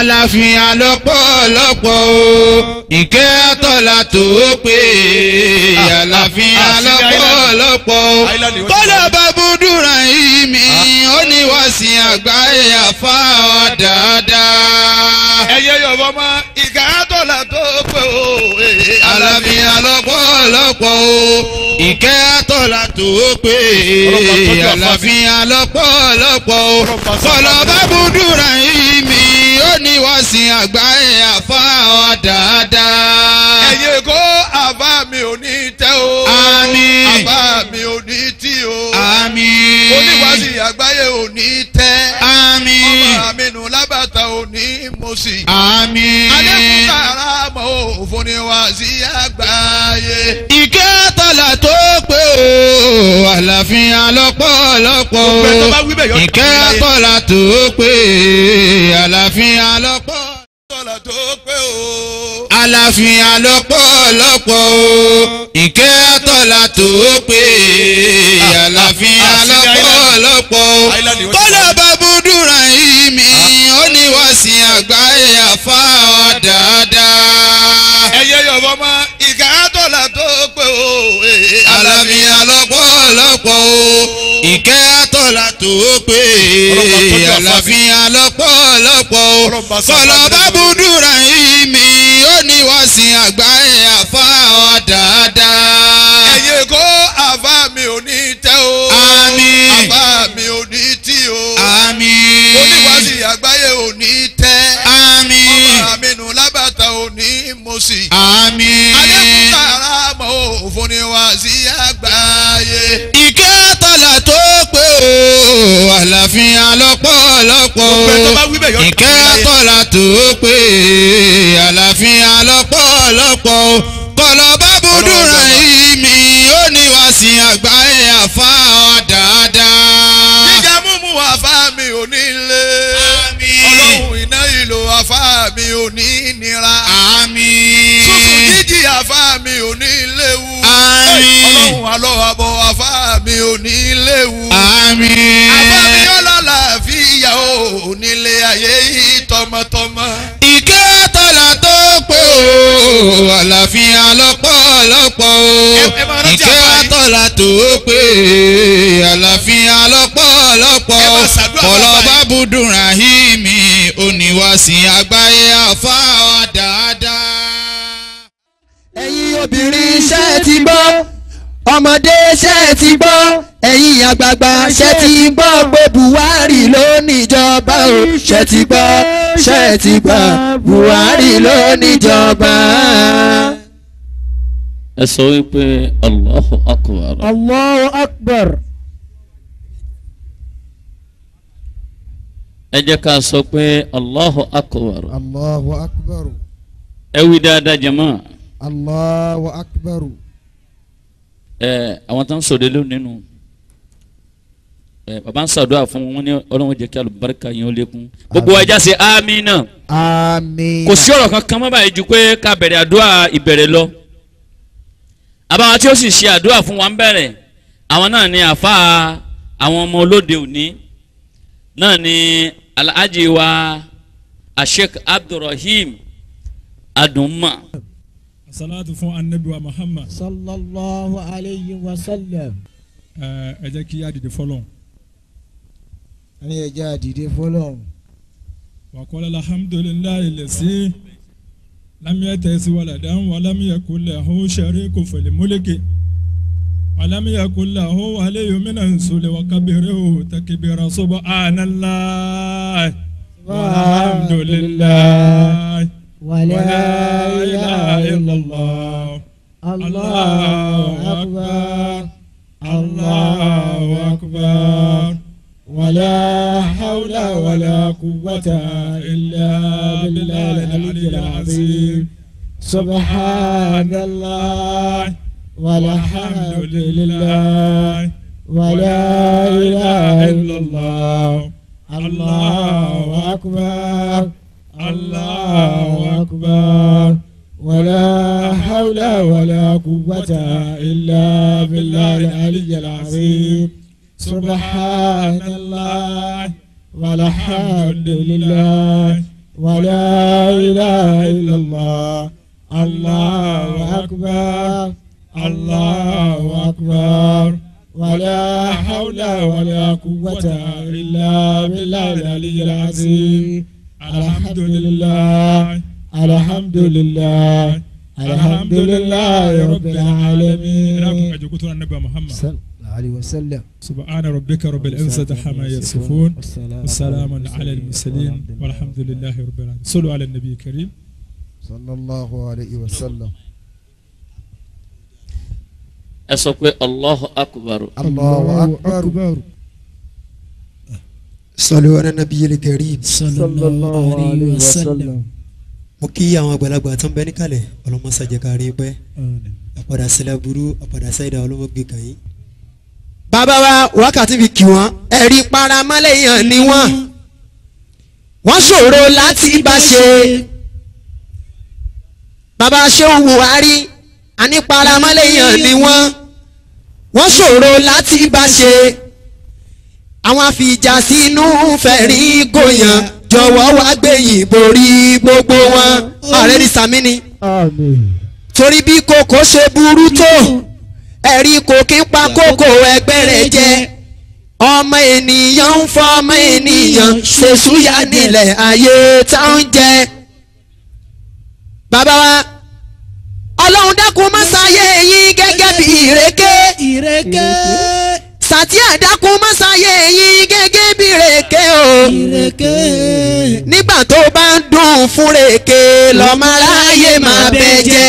aláfihàn lọ́pọ̀lọpọ̀ o ìkẹ́ àtọ́lá tó pé ah, ah, aláfihàn ah, lọ́pọ̀lọpọ̀ o kọ́lá babúdúrà yìí mi ó ní wá sí àgbáyé àfa ọ̀ dáadáa. ẹyẹ yọ̀bọ mọ ìkẹ́ àtọ́lá tó pé o aláfihàn lọ́pọ̀lọpọ̀ o ìkẹ́ àtọ́lá tó pé aláfihàn lọ́pọ̀lọpọ̀ o kọ́lá babúdúrà yìí mi lónìí wọ́n sin àgbáyé àfa wa dáadáa. ẹ̀yẹ kó àbá mi ò ní tẹ́ o. àmín. àbá mi ò ní tì o. àmín. oníwàásù àgbáyé ò ní tẹ́ àmín. ọmọ mi nù lábàtà òní mo sì. àmín. alẹ́kùn tààrà mọ́ òfò ni wá sí tó pé o àlàáfíà lọ́pọ̀lọpọ̀ ìkẹ́ tọ́lá tó pé àlàáfíà lọ́pọ̀ tọ́lá tó pé o. àlàáfíà lọ́pọ̀lọpọ̀ o. ìkẹ́ tọ́lá tó pé àlàáfíà lọ́pọ̀lọpọ̀ o. tọ́lá ah, ah, ah, bàbá. Ibrahim ó ní wàsìn àgbáyé àfa ọ dáadáa. ẹyẹ yọ̀bọ mọ ìka àtọ̀là tó pé o. E, alámi alọ́pọ̀ ọlọ́pọ̀ o ìkẹ́ àtọ̀là tó pé aláfi alọ́pọ̀ ọlọ́pọ̀ o. kọlọ bá budu Ibrahim ó ní wàsìn àgbáyé àfa ọ dáadáa. ẹyẹ kó a. bẹ̀ yọ. ìkẹ́ tọ́lá tó pé àlàáfíà lọ́pọ̀lọpọ̀ o. ẹ ti gbà Buhari ló níjọba. ẹ sọ wípé Allahu Akbar. Allahu Akbar. ẹ jẹ́ ká sọ pé Allahu Akbar. Allahu Akbar. ẹ wí dáadáa jama. Allahu Akbar. ẹ àwọn tó ń sòdè lónìí nù baba ń ṣàdúrà fún wọn ní ọlọ́run jẹ́ kí alùbáríkà yẹn ó lékún gbogbo wa já amina amina kò sí ọ̀rọ̀ kankan mọ́ báyìí ju pé ká bẹ̀rẹ̀ àdúrà ìbẹ̀rẹ̀ lọ àbáwọn tí ó sì ṣe àdúrà fún wa ń bẹ̀rẹ̀ àwọn náà ni àfa àwọn ọmọ olóde òní náà ni alhaji wa asheik abdulrahim adumma. salatu fún anabi wa muhammad. sallallahu alayhi wa sallam. ẹ jẹ́ kí a dìde fọlọ́n. ní ẹja àdìde fọlọ́run. wàkọ́lá alhamdulilayi lẹ́sí lámìyẹ tẹ̀sí wàlá dáhùn wà lámìyẹ kò lẹ̀ hó sẹ́rí kò fẹ̀lẹ̀ mólèké wà lámìyẹ kò lẹ̀ hó alẹ́ yóò mìnà nsọlẹ̀ wà kábìrì hó takibira sọ́bọ̀ ànàlá alhamdulilayi wàlá ilaha illallah allahu akbar allahu akbar. ولا حول ولا قوة إلا بالله العلي العظيم سبحان الله والحمد لله ولا إله إلا الله الله أكبر الله أكبر ولا حول ولا قوة إلا بالله العلي العظيم سبحان الله والحمد لله ولا إله إلا الله الله أكبر الله أكبر ولا حول ولا قوة إلا بالله العلي العظيم الحمد لله الحمد لله الحمد لله رب العالمين عليه وسلم سبحان ربك رب العزة عما يصفون وسلام على المرسلين والحمد لله رب العالمين صلوا على النبي الكريم صلى الله عليه وسلم ẹ sọ pé allahu akbar. allahu akbar. sọlọ wẹrẹ nabi yeli kẹri. sallallahu alayhi wa sallam. mo kí àwọn àgbàlagbà tó ń bẹ níkàlẹ̀ ọlọ́mọsàjẹ́ kárí pẹ́ àpàdà sílẹ̀ burú àpàdà sáyidà ọlọ́mọgbé kan yìí bàbá wa wákàtí fi kì wọ́n ẹ̀rí paramọ́lẹ̀ yàn ni wọ́n wọ́n ṣòro láti bá ṣe bàbá Ṣeun Buhari àní paramọ́lẹ̀ yàn ni wọ́n wọ́n ṣòro láti bá ṣe àwọn àfìjà sínú fẹ̀rí gòyàn jọ̀wọ́ wá gbẹ̀yìn borí gbogbo wọn ààrẹ ní sàmínì torí bí kòkó ṣe burú tó ẹ̀rí kò kí ń pa kókó ẹgbẹ́ rẹ̀ jẹ ọmọ ènìyàn ń fọmọ ènìyàn ṣèṣúyà nílẹ̀ ayé táwọn jẹ. bàbá wa ọlọ́run dákun má ṣayé yín gẹ́gẹ́ bí ìrèké ìrèké sàtíà dákun má ṣayé yín gẹ́gẹ́ bí ìrèké o nígbà tó bá ń dùn fún rèké lọ́mọ aráyé máa bẹ jẹ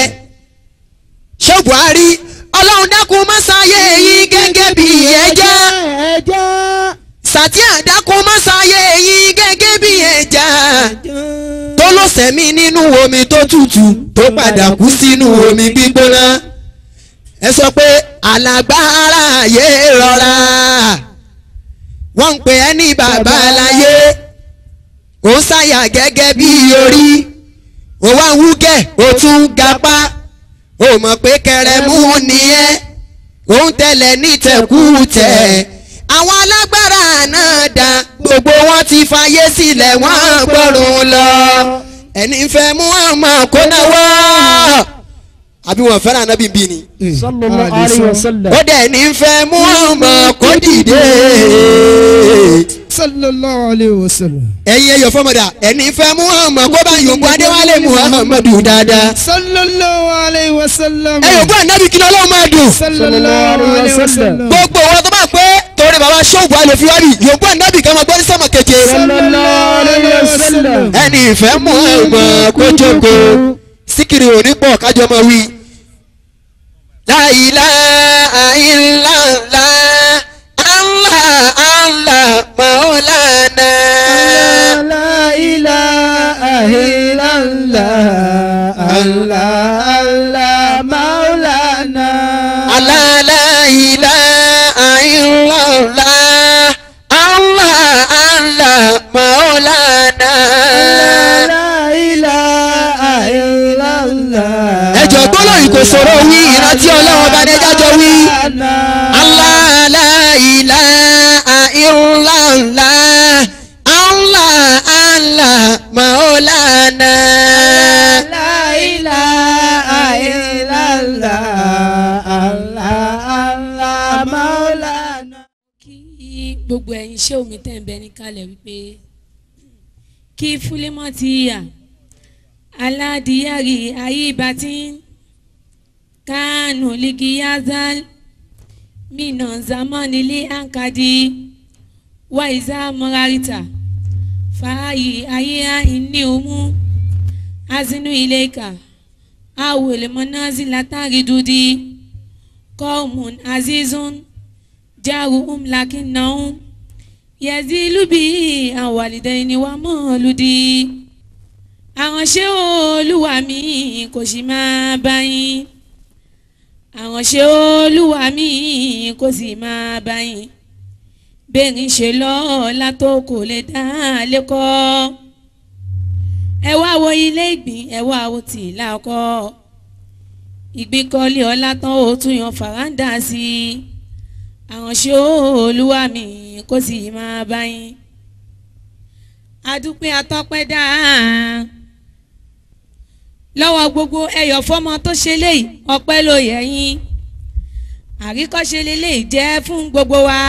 ṣé Buhari ọlọ́run dákun má sáyé yín gẹ́gẹ́ bí ẹja sàtí àdákun má sáyé yín gẹ́gẹ́ bí ẹja tó lọ sẹ́mi nínú omi tó tutù tó padà kú sínú omi gbígbóná ẹ sọ pé alágbára ayé rọra wọ́n ń pè ẹ́ ní bàbá aláyé ó ṣàyà gẹ́gẹ́ bí orí ó wá ń wúkẹ́ ó tún gapá o mọ̀ pé kẹrẹmú ni ẹ́ òun tẹ̀lẹ̀ ní tẹ̀kútẹ̀ àwọn alágbára náà dá gbogbo wọn ti fàyè sílẹ̀ wọ́n gbọ́rùn lọ ẹni fẹ́ mú àmọ́ kó náà wá àbí wọn fẹ́ràn anábì bí ni. sallallahu alaihi wasallam. ó dẹ̀ ní fẹ́ mú àmọ́ kó dìde sallallahu alayhi wa sallam. ẹ̀yin ẹ̀yọ̀ fọmọdà ẹni fẹ́ muhammad kó bá yòókù adéwálé muhammadu dáadáa. sallallahu alayhi wa sallam. ẹ yòókù anabi kí lọ́lọ́ máa dùn. sallallahu alayhi wa sallam. gbogbo wọn tó bá pé torí baba sọ́ọ̀bù àlefiwárì yòókù anabi kàn máa gbọ́ ní sọ́mọ keje. sallallahu alayhi wa sallam. ẹni fẹ́ muhammad kó jókòó síkiri òní pọ̀ kájọ máa wí. la ilaha Allah, Allah Allah maulana. La ilaha illallah. ẹjọ gbọ́dọ̀ yìí kò sọ̀rọ̀ wí ìrántí ọlọ́run bá dẹ́jà wí. Allah la ilaha illallah Allah Allah maulana. La ilaha illallah Allah Allah maulana gbogbo ẹ̀yin ṣé omi tẹ̀ ń bẹ ní kalẹ̀ wípé kí fúlẹ́mọ́ ti yà aládìyàrí ayíbatín kánù ligiyazal mina zamanili ankadi waiza morarita fàáyì ayéhà ìní òmù azinu ileka awèlémọ́názì látàrí dúdí kọ́ọ̀mùn azizun. جاءهم لكنهم يزيل به عن والدين ومولد àwọn ṣé olúwa mi kò sì máa bá yín àwọn ṣé olúwa mi kò sì máa bá yín bẹ́ẹ̀ni ṣe lọ́ọ̀la tó kò lè dá lẹ́kọ́ ẹ wá wo ilé ìgbín ẹ wá wo tìlá ọkọ ìgbín kọ́lé ọlá tán ó tún yan fàráǹdà sí i àránṣẹ́ olúwa mi kó sì máa bá yín adúpẹ́ atọ́pẹ́ dáa lọ́wọ́ gbogbo ẹyọ̀ fọ́mọ tó ṣe léyìí ọpẹ́ ló yẹ yín àríkọ́ṣe leléyìí jẹ́ fún gbogbo wa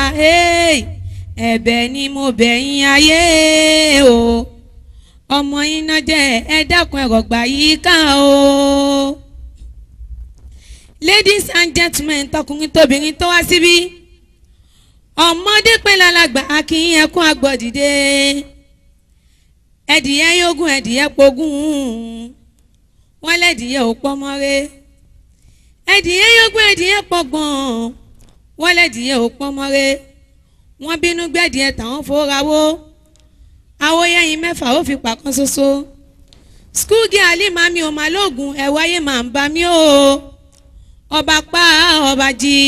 ẹ̀bẹ̀ ni mo bẹ̀ yín ayé o ọmọ yín náà jẹ́ ẹ dákun ẹ̀rọ̀gbà yìí ká o. ladies and gentlemen tọkùnrin tóbìnrin tó wá síbí. Si ọmọdé pínlẹ̀ alàgbà kì í ẹkún agbọ̀dìde ẹdìyẹ yógún ẹdìyẹ pogún wọn lẹdìyẹ ò pọmọre ẹdìyẹ yógún ẹdìyẹ pọgbọ̀n wọn lẹdìyẹ ò pọmọre wọn bínú gbẹdìyẹ tàwọn fòrawó awóyẹyìn mẹ́fà ó fi pàkan ṣoṣo skul gíàlì mami ò má lóògùn ẹ̀wáyé màá ń bá mi ó ọba pa ọba jí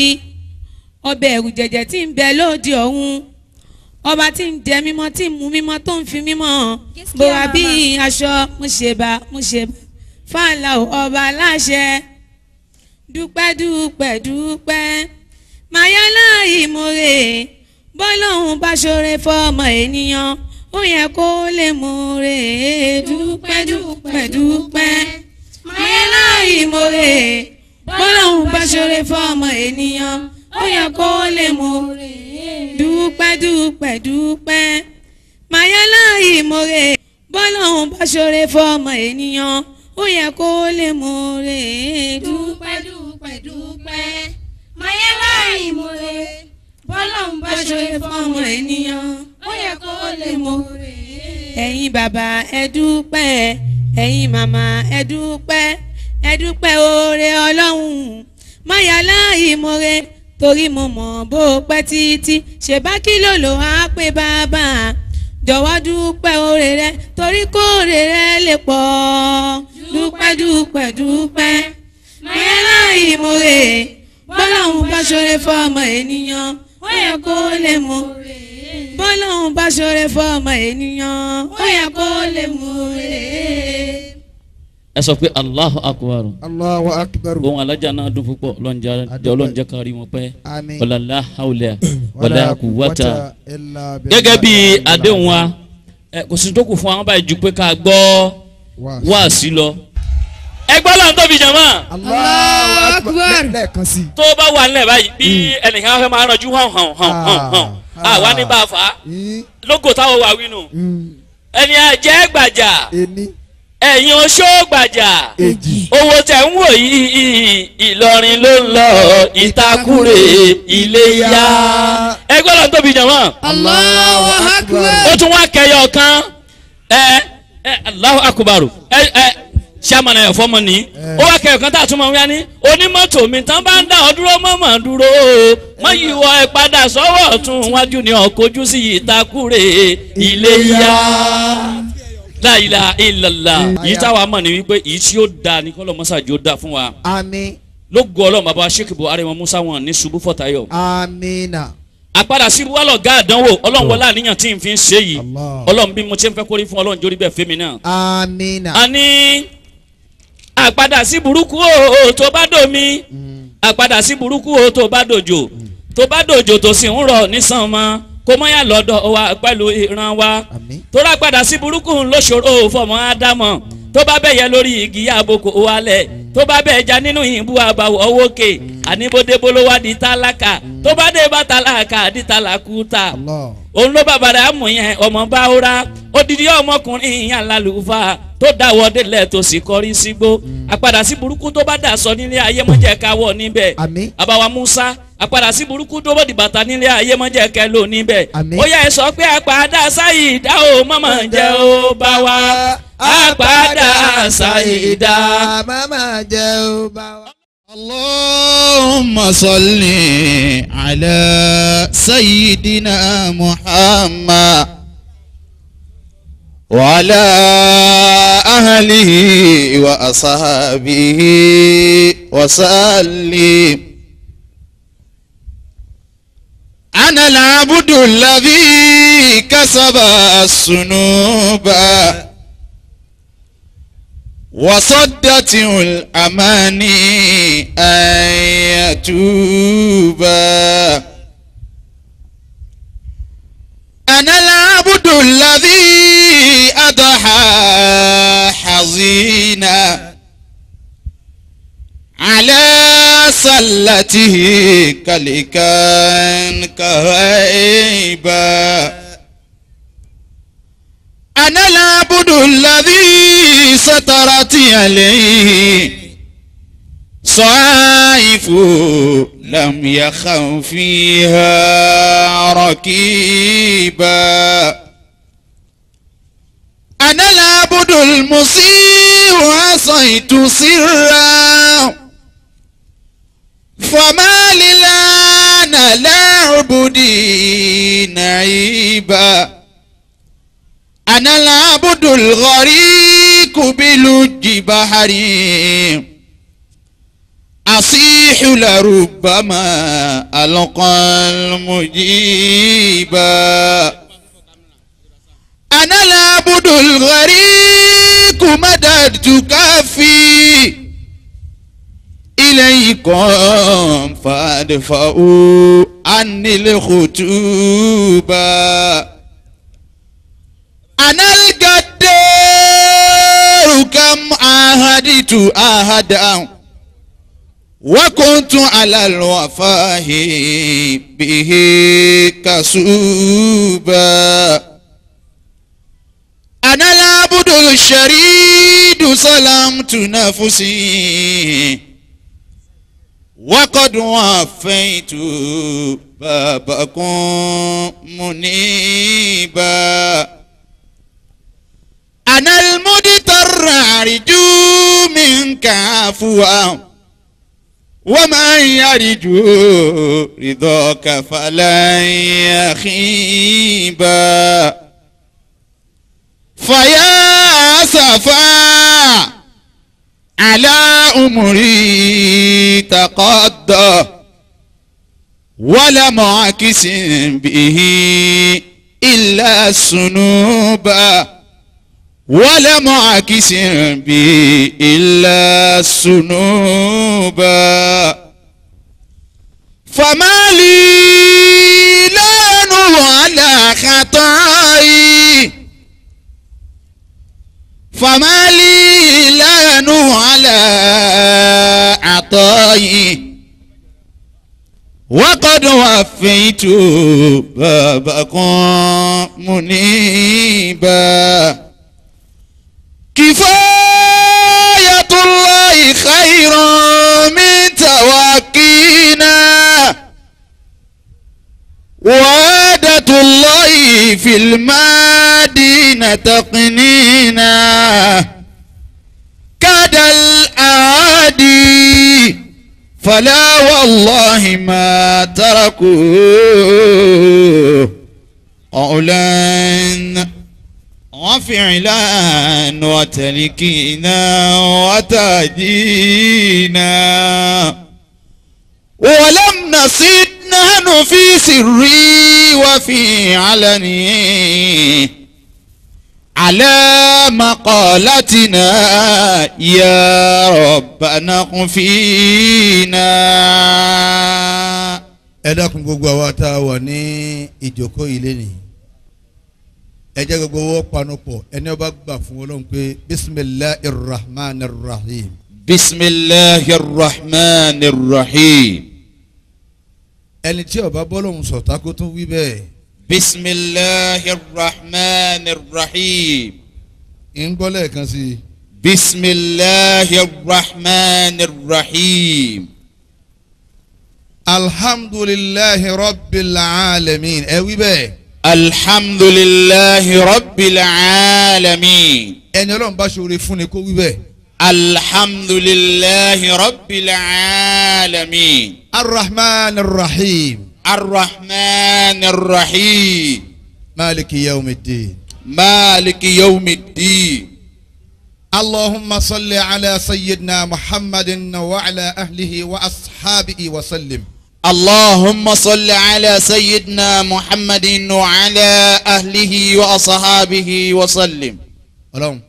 ọbẹ̀ ẹ̀rù jẹ̀jẹ̀ tí ń bẹ lóde ọ̀hún ọba tí ń jẹ mímọ́ tí ń mu mímọ́ tó ń fi mímọ́ bora bí aṣọ múṣeba múṣeba fàlà ọba láṣẹ dúpẹ́ dúpẹ́ dúpẹ́ mayala ìmọ̀re bọ́lọ́hún bá ṣoore fọmọ ènìyàn ó yẹ kó lè mọ̀re dúpẹ́ dúpẹ́ dúpẹ́ mayala ìmọ̀re bọ́lọ́hún bá ṣoore fọmọ ènìyàn ó yẹ kó lè mòrè dúpẹ́ dúpẹ́ dúpẹ́ màyálà ìmòrè bọ́lọ́hún bá ṣoore fọmọ ènìyàn ó yẹ kó lè mòrè dúpẹ́ dúpẹ́ dúpẹ́ màyálà ìmòrè bọ́lọ́hún bá ṣoore fọmọ ènìyàn ó yẹ kó lè mòrè. ẹ̀yin bàbá ẹ dúpẹ́ ẹ̀yin màmá ẹ dúpẹ́ ẹ dúpẹ́ oore ọlọ́run màyálà ìmòrè torí mo mọ̀ bó o pẹ́ títí ṣèbá kí lòlò á pé bàbá jọ̀wọ́ dúpẹ́ oore rẹ torí kóore rẹ lè pọ̀ dúpẹ́ dúpẹ́ dúpẹ́ mẹ́lá ìmoore bọ́lọ́hún bá ṣoore fọmọ ènìyàn ó yẹ kó lè mú bọ́lọ́hún bá ṣoore fọmọ ènìyàn ó yẹ kó lè mú rèé ẹ sọ pé Allahu akbar Allahu akbar ohun alájà náà dùn púpọ̀ lọ́njà jọlọ́njà kárí wọn pẹ́ wàlálà haulẹ̀ wàlá kùwàtà gẹ́gẹ́ bí àdéhùn wa kò sí tó kù fún àwọn báyìí ju pé ká gbọ́ wá sí lọ ẹgbẹ́ làwọn tóbi jama. Allahu akbar lẹ́ẹ̀kan sí. tó bá wà nílẹ̀ báyìí bí hmm. ẹnìkan fẹ́ máa rànjú hàn hàn hàn hàn ah. àwa ah, ní bá a fà á hmm. lógo táwọn wà wínú hmm. ẹni àjẹ́ ẹ̀yin oṣóògbàjà owó tẹ̀ ń wò yìí ìlọrin ló ń lọ ìtakùrè iléyà. ẹ gbọ́dọ̀ tóbi jọ̀wọ́. Allahu Akbar. ó tún wá kẹyọ kan ẹ ẹ Allahu Akbar ẹ ẹ ẹ̀fọ́ ní. ó wá kẹyọ kan tá a tún ní. onímọ̀tò mi tán bá ń dúró láìla ìlàlà yìí táwa mọ̀ ní wípé yìí tí ó da ní kọ́lọ̀ mọ́sàájú ó da fún wa. àmín. ló gọ ọlọ́run bàbá sheikh buhari wọn musa wọn ní ṣubú fọ̀tayọ. àmínà. àpadà sí wàlọ̀ gá àdánwò ọlọ́run wọlé àníyàn tí n fi ń ṣe yìí ọlọ́run bí mo ti ń fẹ́ kórí fún ọlọ́run jórí bẹ́ẹ̀ fẹ́mi náà. àmínà. a ní àpadà sí burúkú o tó bá dòmi mm. àpadà sí burúkú o tó bá dòjò mm. tó bá dòjò tó sì ń kó mọ́yà lọ́dọ̀ wa pẹ̀lú ìran wa tóra padà sí burúkú lóṣòro fọmọ ádámọ̀ tó bá bẹ̀yẹ lórí igi àbòkò wálẹ̀ tó bá bẹ̀ ẹja nínú ìbú àbàwọ̀ wókè àníbódébólówá di tálákà tó bá dé bá tálákà di tálákúta òun ló bàbàrà àmú yẹn ọmọ báwòrá odidi ọmọkùnrin ìyàn lálùfà tó dáwọ́ délẹ̀ tó sì kọrí sígbó àpadà sí burúkú tó bá dà sọ nílé ayé mọ́jẹ́ káwọ́ níbẹ̀ àbáwá Musa àpàdà sí burúkú tó bọ̀dì bàtà nílé ayé mọ́jẹ́ kẹ́ ló níbẹ̀. ó yẹ sọ pé àpàdà sáyì ìdá o mọ́mọ́ jẹ́ ó bá wa. àpàdà sáyì ìdá mọ́mọ́ jẹ́ ó bá wa. اللهم صل على سيدنا محمد وعلى أهله وأصحابه وسلم أنا العبد الذي كسب الذنوب وصدت الأماني أن يتوب أنا العبد الذي أضحى حزينا على صلته كلكان كهيبا أنا العبد الذي سترت عليه صائف لم يخف فيها ركيبا أنا العبد المصير عصيت سرا fọmálílá nàlárùbùdì nàìbà ànálà abudulgọrí kùbílù jìbáhárì àṣìṣùlà rúbàmà àlọkànmùjìbà ànálà abudulgọrí kùmádàdùkàfì. adfa'u anil khutuba. anal gaddaru kam ahaditu ahadan wa kuntu ala alwafahi bihi kasuba. أنا العبد sharidu سلمت نفسي وقد وفيت بابكم منيبا أنا المدتر أرجو منك عفوا ومن يرجو رضاك فلن يخيبا فيا أسفا على أمري تقضى ولا معاكس به إلا السنوب ولا معاكس به إلا السنوب فما لي فما لي لا على عطائي وقد وفيت بابكم منيبا كفاية الله خير من تواكينا وعادة الله في المال تقنينا كاد الآدي فلا والله ما تركوا قولا وفعلا وتلكينا وتهدينا ولم نصد نحن في سري وفي علني على مقالتنا يا ربنا فينا ẹ dákun gbogbo àwa tá a wà ní ìjókòó ilé ni ẹ jẹ́ gbogbo owó panupọ̀ ẹni ó bá gbà fún Ọlọ́run pé bisimilahi rahman rahim. bisimilahi rahman rahim. ẹni tí ó bá bọ́lọ́hún sọ̀tà kó tún wí bẹ́ẹ̀. بسم الله الرحمن الرحيم ń gbọ́ lẹ́ẹ̀kan بسم الله الرحمن الرحيم الحمد لله رب العالمين ẹ بيه. الحمد لله رب العالمين. ẹni ọlọ́run bá ṣoore fún ni الحمد لله رب العالمين. الرحمن الرحيم. الرحمن الرحيم مالك يوم الدين مالك يوم الدين اللهم صل على سيدنا محمد وعلى أهله وأصحابه وسلم اللهم صل على سيدنا محمد وعلى أهله وأصحابه وسلم اللهم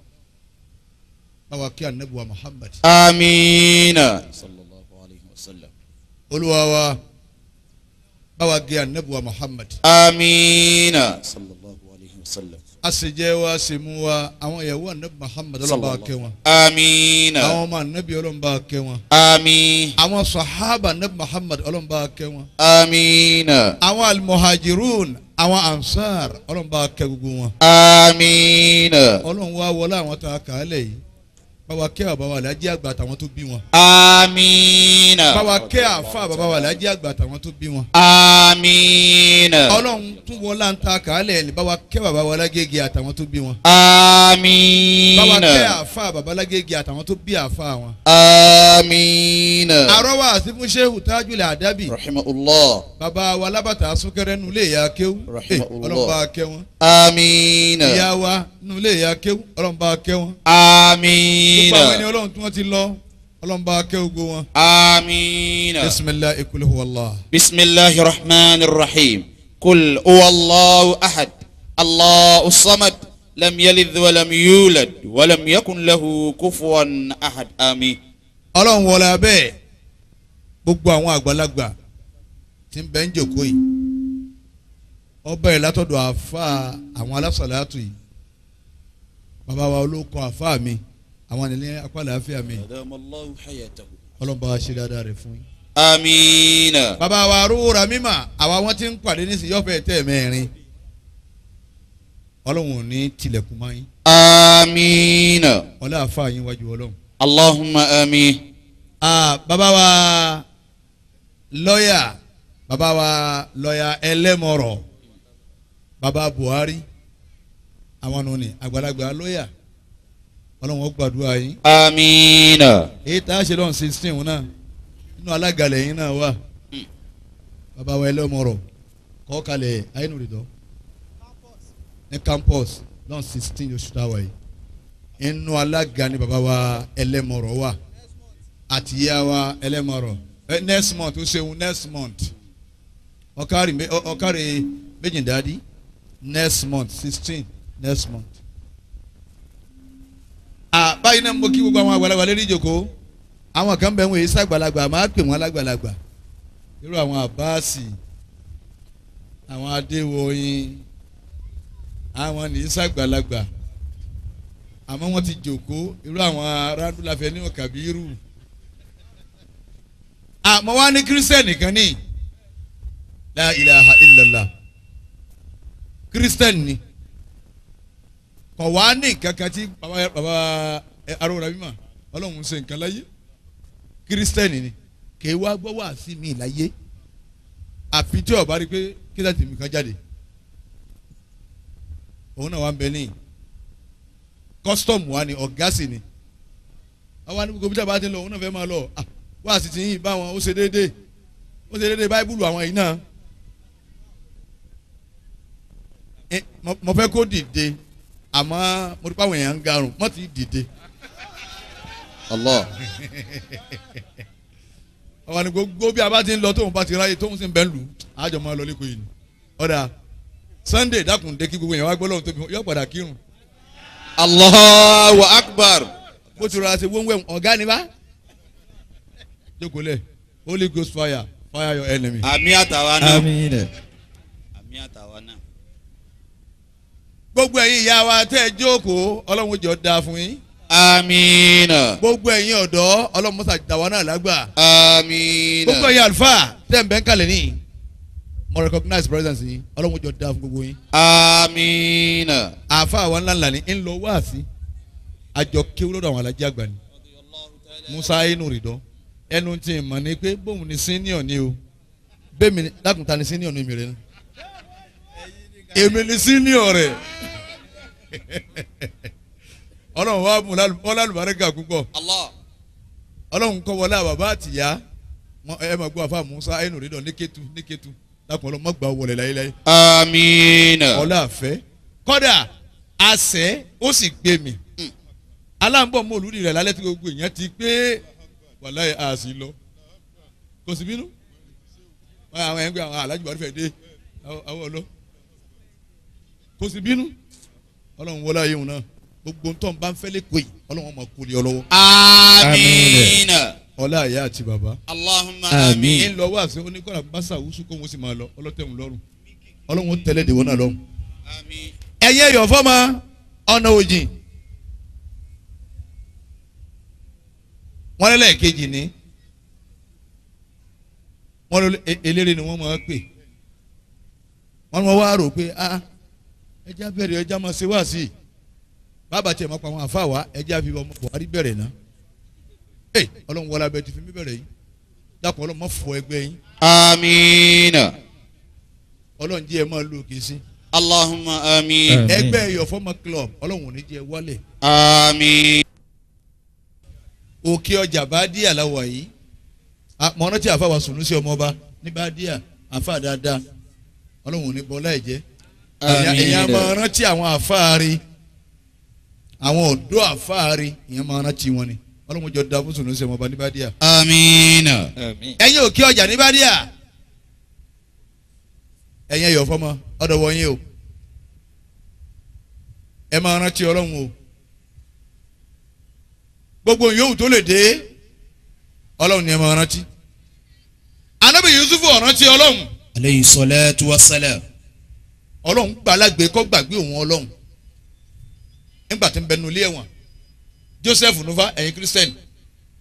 أوكي النبوة محمد آمين صلى الله عليه وسلم báwa gé anabuwa muhammad. amiina sallallahu alayhi wa sallam. asèjẹ́ wa sèmú wa àwọn ìyàwó anabi muhammad ọlọ́mọba kẹ́ wọn. amiina. àwọn ọmọ anabi ọlọ́mọba kẹ́ wọn. ami. àwọn sahaba anabi muhammad ọlọ́mọba kẹ́ wọn. amiina. àwọn alimuhajirun àwọn ansar ọlọ́mọba kẹ́ gbogbo wọn. amiina. ọlọ́run wa wọlé àwọn tá a kà báwa kẹ́ bàbá wa àgbà àtàwọn tó bí wọn. amiina. báwa kẹ́ àfa bàbá wa àgbà àtàwọn tó bí wọn. amiina. ọlọ́run tún wọn láǹta kàálẹ̀ ní báwa kẹ́ bàbá alágége àtàwọn tó bí wọn. amiina. báwa kẹ́ àfa bàbá alágége àtàwọn tó bí àfa wọn. amiina. àrọ́wà àsìkún sehu tajulẹ̀ àdábì. rahimahullah. bàbá wa alábàtà sunkẹrẹ nulẹ̀ yà kéwù. rahimahullah. ọlọ́run bá kẹ́ wọn. amiina. ìyá wa nínú ilé ìyá kéwù ọlọ́run bá kẹ́ wọn. amiina. gbogbo àwọn ẹni ọlọ́run tí wọ́n ti lọ ọlọ́run bá kẹ́ ogun wọn. amiina. bisimilahi kul huwallah. bisimilahi rahmanir rahim kul huwallahu ahad allahu samad lam yalid walam yulad walam yakun lahu kufuwan ahad ami. ọlọ́run wọlé abẹ́ gbogbo àwọn àgbàlagbà tí ń bẹ ń jòkó yìí ọbẹ̀ látọ̀dọ̀ àfa àwọn alásàlátù yìí bàbá wa olóko àfa mi àwọn ènìyàn apàlà àfíà mi. ọlọ́mọba wa ṣe dáadáa rẹ̀ fún yín. amiina. bàbá wa arúgbóra mímà àwa wọn ti ń pàdé nísìnyí ọ̀fẹ́ tẹ̀ mẹ́rin ọlọ́run ò ní tilẹ̀kùn mọ́ yín. amiina. ọlọ́ àfa yín wájú ọlọ́run. Allahumma ami. Ah, bàbá wa lọ́yà bàbá wa lọ́yà ẹlẹ́mọ̀rọ̀ bàbá Buhari àwọn nù ni àgbàlagbà lóyà ọlọ́run ó gbàdúrà yín. amiina. èyí tá a ṣe lọ́run sixteen wọn náà nínú alágàlẹ̀ yín náà wà bàbá wa ẹlẹ́mọ̀rọ̀ kọ́ kalẹ̀ àyínú rẹ̀ dọ́ ní campus lọ́run sixteen oṣù táwa yìí inú alága ni bàbá wa ẹlẹ́mọ̀rọ̀ wà àti ìyá wa ẹlẹ́mọ̀rọ̀ next month ó ṣeun next month ọ̀kárì méjìdínláàdì next month sixteen next month. báyìí náà mo kí gbogbo àwọn àgbàlagbà lérí ìjòkó àwọn kan bẹ̀ wọ́n èyí sàgbàlagbà máa pè wọ́n lágbàlagbà irú àwọn àbáàsì àwọn adéwòyìn àwọn nìyí sàgbàlagbà àmọ́ wọ́n ti jòkó irú àwọn arádúláfẹ́ ní ọ̀kàbírù àmọ́ wá ní kírísítẹ́nì kan ní la ilaha illallah kírísítẹ́nì ni kọ̀ wá ní nǹkan kan tí bàbá bàbá arọ rabi ma ọlọ́run ṣe nǹkan láyé kírísítẹ́nì ni kì í wá gbọ́ wá sí mi láyé àfi tí ọba rí pé kí láti mi kan jáde òun náà wà ń bẹ ní kọ́sítọ́ọ̀mù wa ni ọ̀gá sì ni àwa ní gbogbo bíjà bá ti lọ òun náà fẹ́ máa lọ ah, wá sí ti yín bá wọn ó ṣe déédéé ó ṣe déédéé báíbùlù àwọn yìí náà mo fẹ́ kó dìde àmọ́ mo rí pàwọn èèyàn ń garùn mọ́ ti dìde. Allah. ni gbogbo bí a bá ti ń lọ tóun bá ti ráyè tóun sì ń bẹ́ẹ̀ lù àjọ máa lọ lẹ́kọ̀ọ́ yìí ni. ọ̀dà Sunday dákun dé kí gbogbo èèyàn wá gbọ́ lọ́run tóbi yóò padà kírun. Allahu akbar. bó ti rọra ṣe wọ́nwẹ́ ọ̀gá ni bá. jókòó lẹ̀ Holy Ghost fire fire your enemy. àmì àtàwa náà. àmì rẹ̀. àmì àtàwa náà gbogbo ẹ̀yin ìyá wa tẹ́ ẹ jókòó ọlọ́run jọ da fún yín. amiina. gbogbo ẹ̀yin ọ̀dọ́ ọlọ́run mọ́sá dàwa náà lágbà. amiina. gbogbo ẹ̀yin àlùfáà tẹ́ ń bẹ́ ń kalẹ̀ ní. mo recognize presence yín ọlọ́run jọ da fún gbogbo yín. amiina. àáfàá wa ńlá ńlá ni ń lọ wáàsí àjọ kéwú àwọn alájí àgbà ni musa inú rìdọ́ ẹnu tí ì mọ̀ ni pé bóun ni senior ni o bẹ́ẹ̀ mi dákùntà ni senior ni mi rẹ̀ náà èmi ni senior rẹ̀ ọlọ́run wa mú ọlọ́lùbáríkà púpọ̀ ọlọ́run kọ́ wọlé àbàbá àtìyá ẹ máa gbọ́ àfa musa ẹnu rí dán níketu níketu lápò ọlọ́run má gbà wọlé láyéláyé. amiina. ọlá àfẹ́ kọ́dà àṣẹ ó sì gbé mi hmm. aláǹbọ̀ mọ olùdí rẹ̀ lálẹ́ tí gbogbo èèyàn ti pé wàláyé àṣì lọ kò sí bínú àwọn ẹ̀ ń gbé àwọn alájùbọ̀ fẹ́ dé àwọn ọlọ́ kò sì bínú ọlọ́run wọlé ayé wọn náà gbogbo ntọ́n bá ń fẹ́ lè koyi ọlọ́run ọmọ kò lè ọ amiina. ọlá àyà àti bàbá. Allahumma àmín. ní lọ wá sí oníkọ́ra basa wusu kó wọn sì máa lọ ọlọ́tẹ̀wọ̀n lọ́rùn ọlọ́run tẹ̀lé dèwọ́n náà lọ́rùn. ẹ̀yẹ́ yọ̀ fọ́mọ ọ̀nà òjìn. wọ́n lẹ́lẹ̀ kejì ní wọ́n lọ e, eléré ni wọ́n máa pè wọ́n máa wá rò pé ah ẹja bẹ̀rẹ̀ ẹja máa ṣe wá sí i bàbá tiẹ̀ máa pa àwọn àfa wa ẹja fi ọmọ Buhari bẹ̀rẹ̀ ná ẹ ọlọ́run wọlé abẹ ti fi mí bẹ̀rẹ̀ yín dàpọ̀ ọlọ́run má fọ ẹgbẹ́ yín. amiina. ọlọ́run jẹ́ ẹ máa lo òkè sí. Allahumma amiin. ẹgbẹ́ ìyọ̀fọ́mọ club ọlọ́run ò ní jẹ́ wálẹ̀. amiin. òkè ọjà bá díà láwọ̀ yìí mọ̀ọ́nà tí àfa wa sùn ní sí ọmọ ọba ní bá díà àfa dáadáa ọlọ́run ò ní bọ́lá ẹ̀jẹ̀ èèyàn máa rántí àwọn àfáàrí àwọn ọ̀dọ́ àfáàrí èèyàn máa rántí wọn ni ọlọ́mọjọ da fún sùnú sẹ́wọ̀n ọba níbàdíà. amiina. ẹ̀yin ò kí ọjà níbàdíà ẹ̀yin ẹ̀yọ̀ fọmọ ọ̀dọ̀ wọ̀nyí o ẹ máa rántí ọlọ́run o gbogbo yòówù tó lè dé ọlọ́run ni ẹ máa rántí anábì Yusufu ọ̀rántí ọlọ́run. aleyhi salatu wa salam ọlọ́run gba alágbe kọ́ gbàgbé òun ọlọ́run nígbà tí ń bẹnu ilé ẹ̀wọ̀n Joseph nufa ẹ̀yin Christian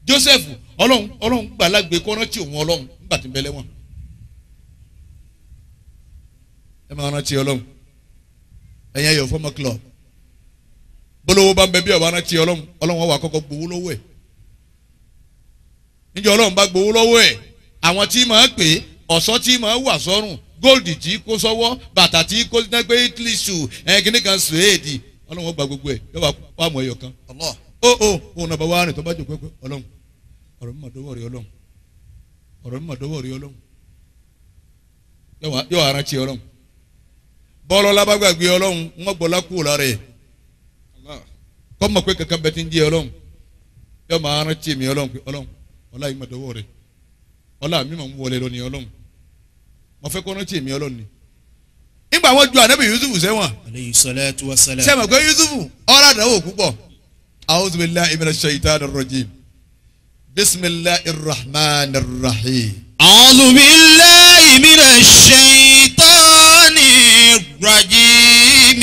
Joseph ọlọ́run ọlọ́run gba alágbe kọ́ rántí òun ọlọ́run nígbà tí ń bẹ lẹ́wọ̀n ẹ máa rántí ọlọ́run ẹ̀yin ayọ̀ fọmọ club bólówó bá ń bẹ bí ọba rántí ọlọ́run ọlọ́run wà kọ́kọ́ gbowó lọ́wọ́ ẹ̀ níjọ́ ọlọ́run bá gbowó lọ́wọ́ ẹ̀ àwọn tí máa pè ọ̀sọ́ tí máa wà sọ́rùn góòlù tí kó sọ́wọ́ bàtà tí kó nẹgbẹ italy ṣù ẹnkìnní kan suwéèdì Ọlọ́run gba gbogbo ẹ yọba wà mọ ẹyọ kan ó ó òun náà bá wà rìn tó bá jò pẹpẹ Ọlọ́run ọ̀rọ̀ mímọ́ dọ́wọ́ rẹ Ọlọ́run ọ̀rọ̀ mímọ́ dọ́wọ́ rẹ Ọlọ́run yọwọ ara tiẹ Ọlọ́run bọlọlá bá gbàgbé Ọlọ́run wọn gbọlá kú lára ẹ kọmọ pé kankan bẹ ti ń jẹ Ọlọ́run yọmọ mo fẹ́ kó rántí èmi ọlọ́run ni nígbà wọn ju ànábì Yusuf sẹ́wọ̀n sẹ́wọ̀n pé Yusuf ọ̀rọ̀ àdánwò púpọ̀ a'udhu billahi minash shaitanir rajim bismillahir rahmanir rahim. a'udhu billahi minash shaitanir rajim.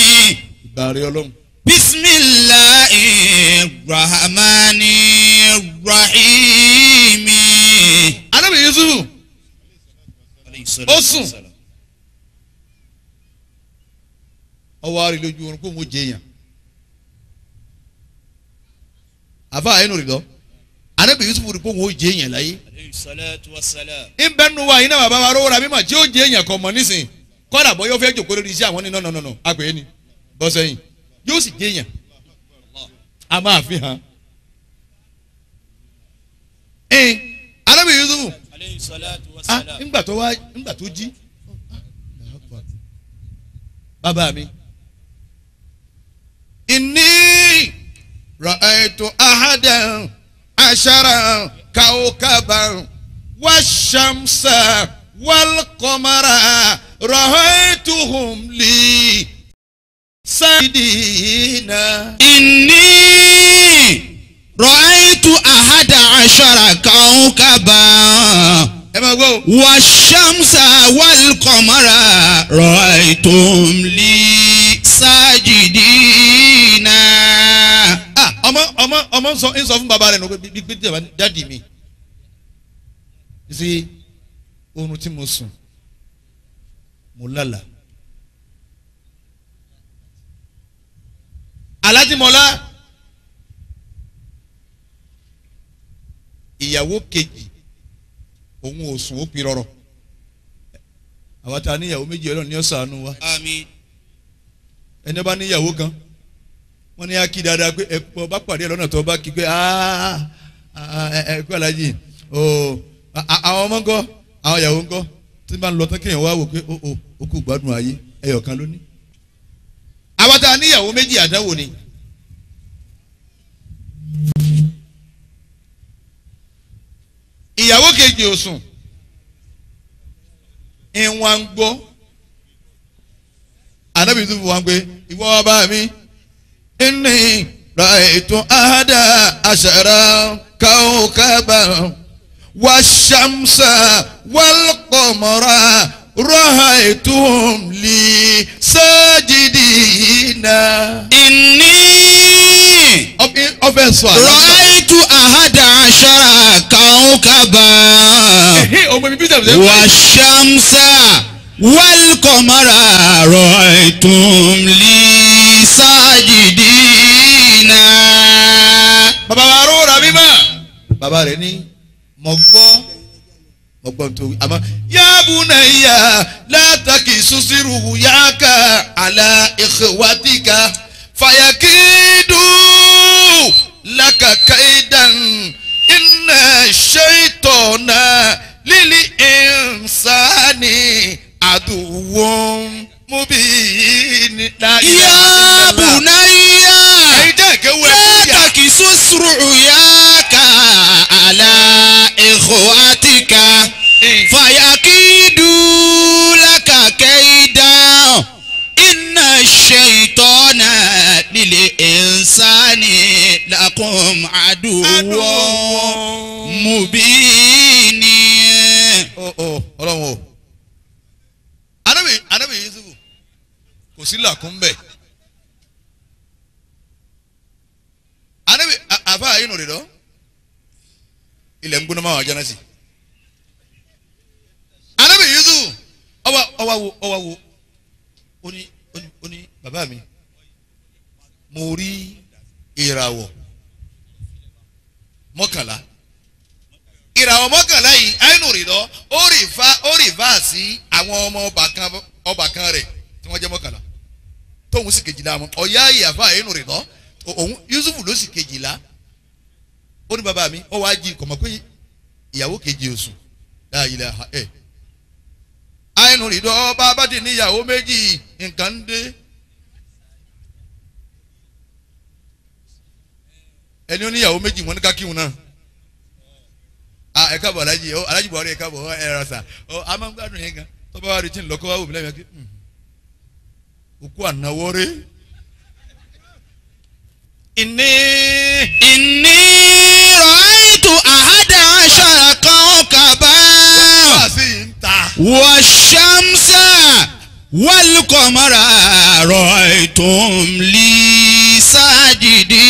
ìbàrí ọlọ́run. bismillahir rahmanir rahim. ó sùn ọwọ́ àárín lójú oorun kó mo jẹ èèyàn àfa àyẹnù rẹ lọ anabi yusufu rí pé òun ó jẹ èèyàn láyé. ìbẹ́nu wa yìí náà bàbá wa rówó ra mímọ̀ tí ó jẹ èèyàn kọ̀ mọ́ nísìnyí kọ́dà bọ́ yóò fẹ́ jòkó lórí iṣẹ́ àwọn ní nọ́nọ́nọ́nọ́ àgbẹ̀ ni bọ́sẹ̀yìn yóò sì jẹ èèyàn a máa fi hàn. anabi yusufu ah ńgbà tó wá ńgbà tó jí bàbá mi inni ra'aytu ahadan ashara kawkaban wash-shamsa wal-qamara ra'aytuhum li sáyidina. inni ra'aytu ahada ashara kawkaban ẹ máa gbọ́. wà ṣàmùsà wàlùkọ̀mọ́ra rọ̀ ìtòmlì sájìdínà. ọmọ ọmọ ọmọ sọ ń sọ fún bàbá rẹ̀ nù bí pété bàbá dáàdì mi sí oorun tí mo sùn mo lálàá. alájìmọ́lá ìyàwó kejì òun ò sùn ó pi rọrọ àwa ta níyàwó méjì ọlọ́run ní ó wa àmín ẹni bá níyàwó kan wọ́n ní á dáadáa pé ẹ̀pọ̀ bá pàdé ẹ̀ lọ́nà tó bá kí pé ẹ̀kú alájì o àwọn ọmọ ńkọ́ àwọn ìyàwó ńkọ́ tí n bá ń lọ tán kéèyàn wá wò pé o kò gbádùn ayé ẹyọ lónìí àwa ta níyàwó méjì àdáwò ni. ìyàwó kejì ò sùn ìwọ̀n ń gbó ànábì tó fi wọn pé ìwọ ọba mi nínú ra ètò àádá àṣàrà káwọ́kábà wà ṣàmṣà wàlùkọ̀mọ́ra rọ́hà ètò lè sájìdì náà. ìní. Benin. ọbẹ̀ sọ àlọ́. rọ́ẹ̀tù àhádà aṣara kàún kábà. wà ṣàmsà wàlùkọ̀mọ́ra rọ́ẹ̀tùm lì sájìdínà. bàbá wa ró ra mímọ́. bàbá rẹ̀ ní mo gbọ́ mo gbọ́ nítorí àmọ́ yáàbù náà látàkì sùsìrù yáàkà àlà ìkẹwàtìkà fàyàkìdù làkàkà ìdàn iná lili náà lílì ìnsánì àdúwò múbi ní. yá bùnáyà yàtàkì sọ́sùrù yàkà àlà ẹ̀kọ́ àtìkà fàyà. lakum aduwwun mubin oh, oh, ọlọ́run o anabi yusufu kò sí làkún bẹ́ẹ̀ anabi àfa inú rẹ̀ lọ ilẹ̀ ń gbóná máa wà jẹ́ náà sí anabi yusufu ọwọ́ ọwọ́ wo ọwọ́ wo ó ní ó bàbá mi mo rí ìràwọ̀. mọ́kànlá ìràwọ̀ mọ́kànlá yìí àìnù rìdọ́ ó rì fa ó rì sí àwọn ọmọ ọba kan rẹ̀ tí wọ́n jẹ́ mọ́kànlá tóun sì kejìlá wọn ọ̀yá ìyàfa òun Yusuf ló sì kejìlá ó ní bàbá mi ó wá jí kọ̀mọ́ pé ìyàwó oṣù ẹ̀ ẹni ó níyàwó méjì wọn ní ká kíhun náà a ah, ẹ káàbọ̀ alájí ọ alájí buhari ẹ káàbọ̀ ọ ẹ rasa ọ a yẹn gan tọ́ba wa retí ńlọkọ́ wa wò mí lẹ́yìn hmm, òkú ànáwó rẹ. ìní. ìní rọ̀ẹ́tù àhádà aṣọ́ra kan kàbá. wọ́n wá ṣàmṣà wọ́n lùkọ́ mọ́ra lì sáàjìdì.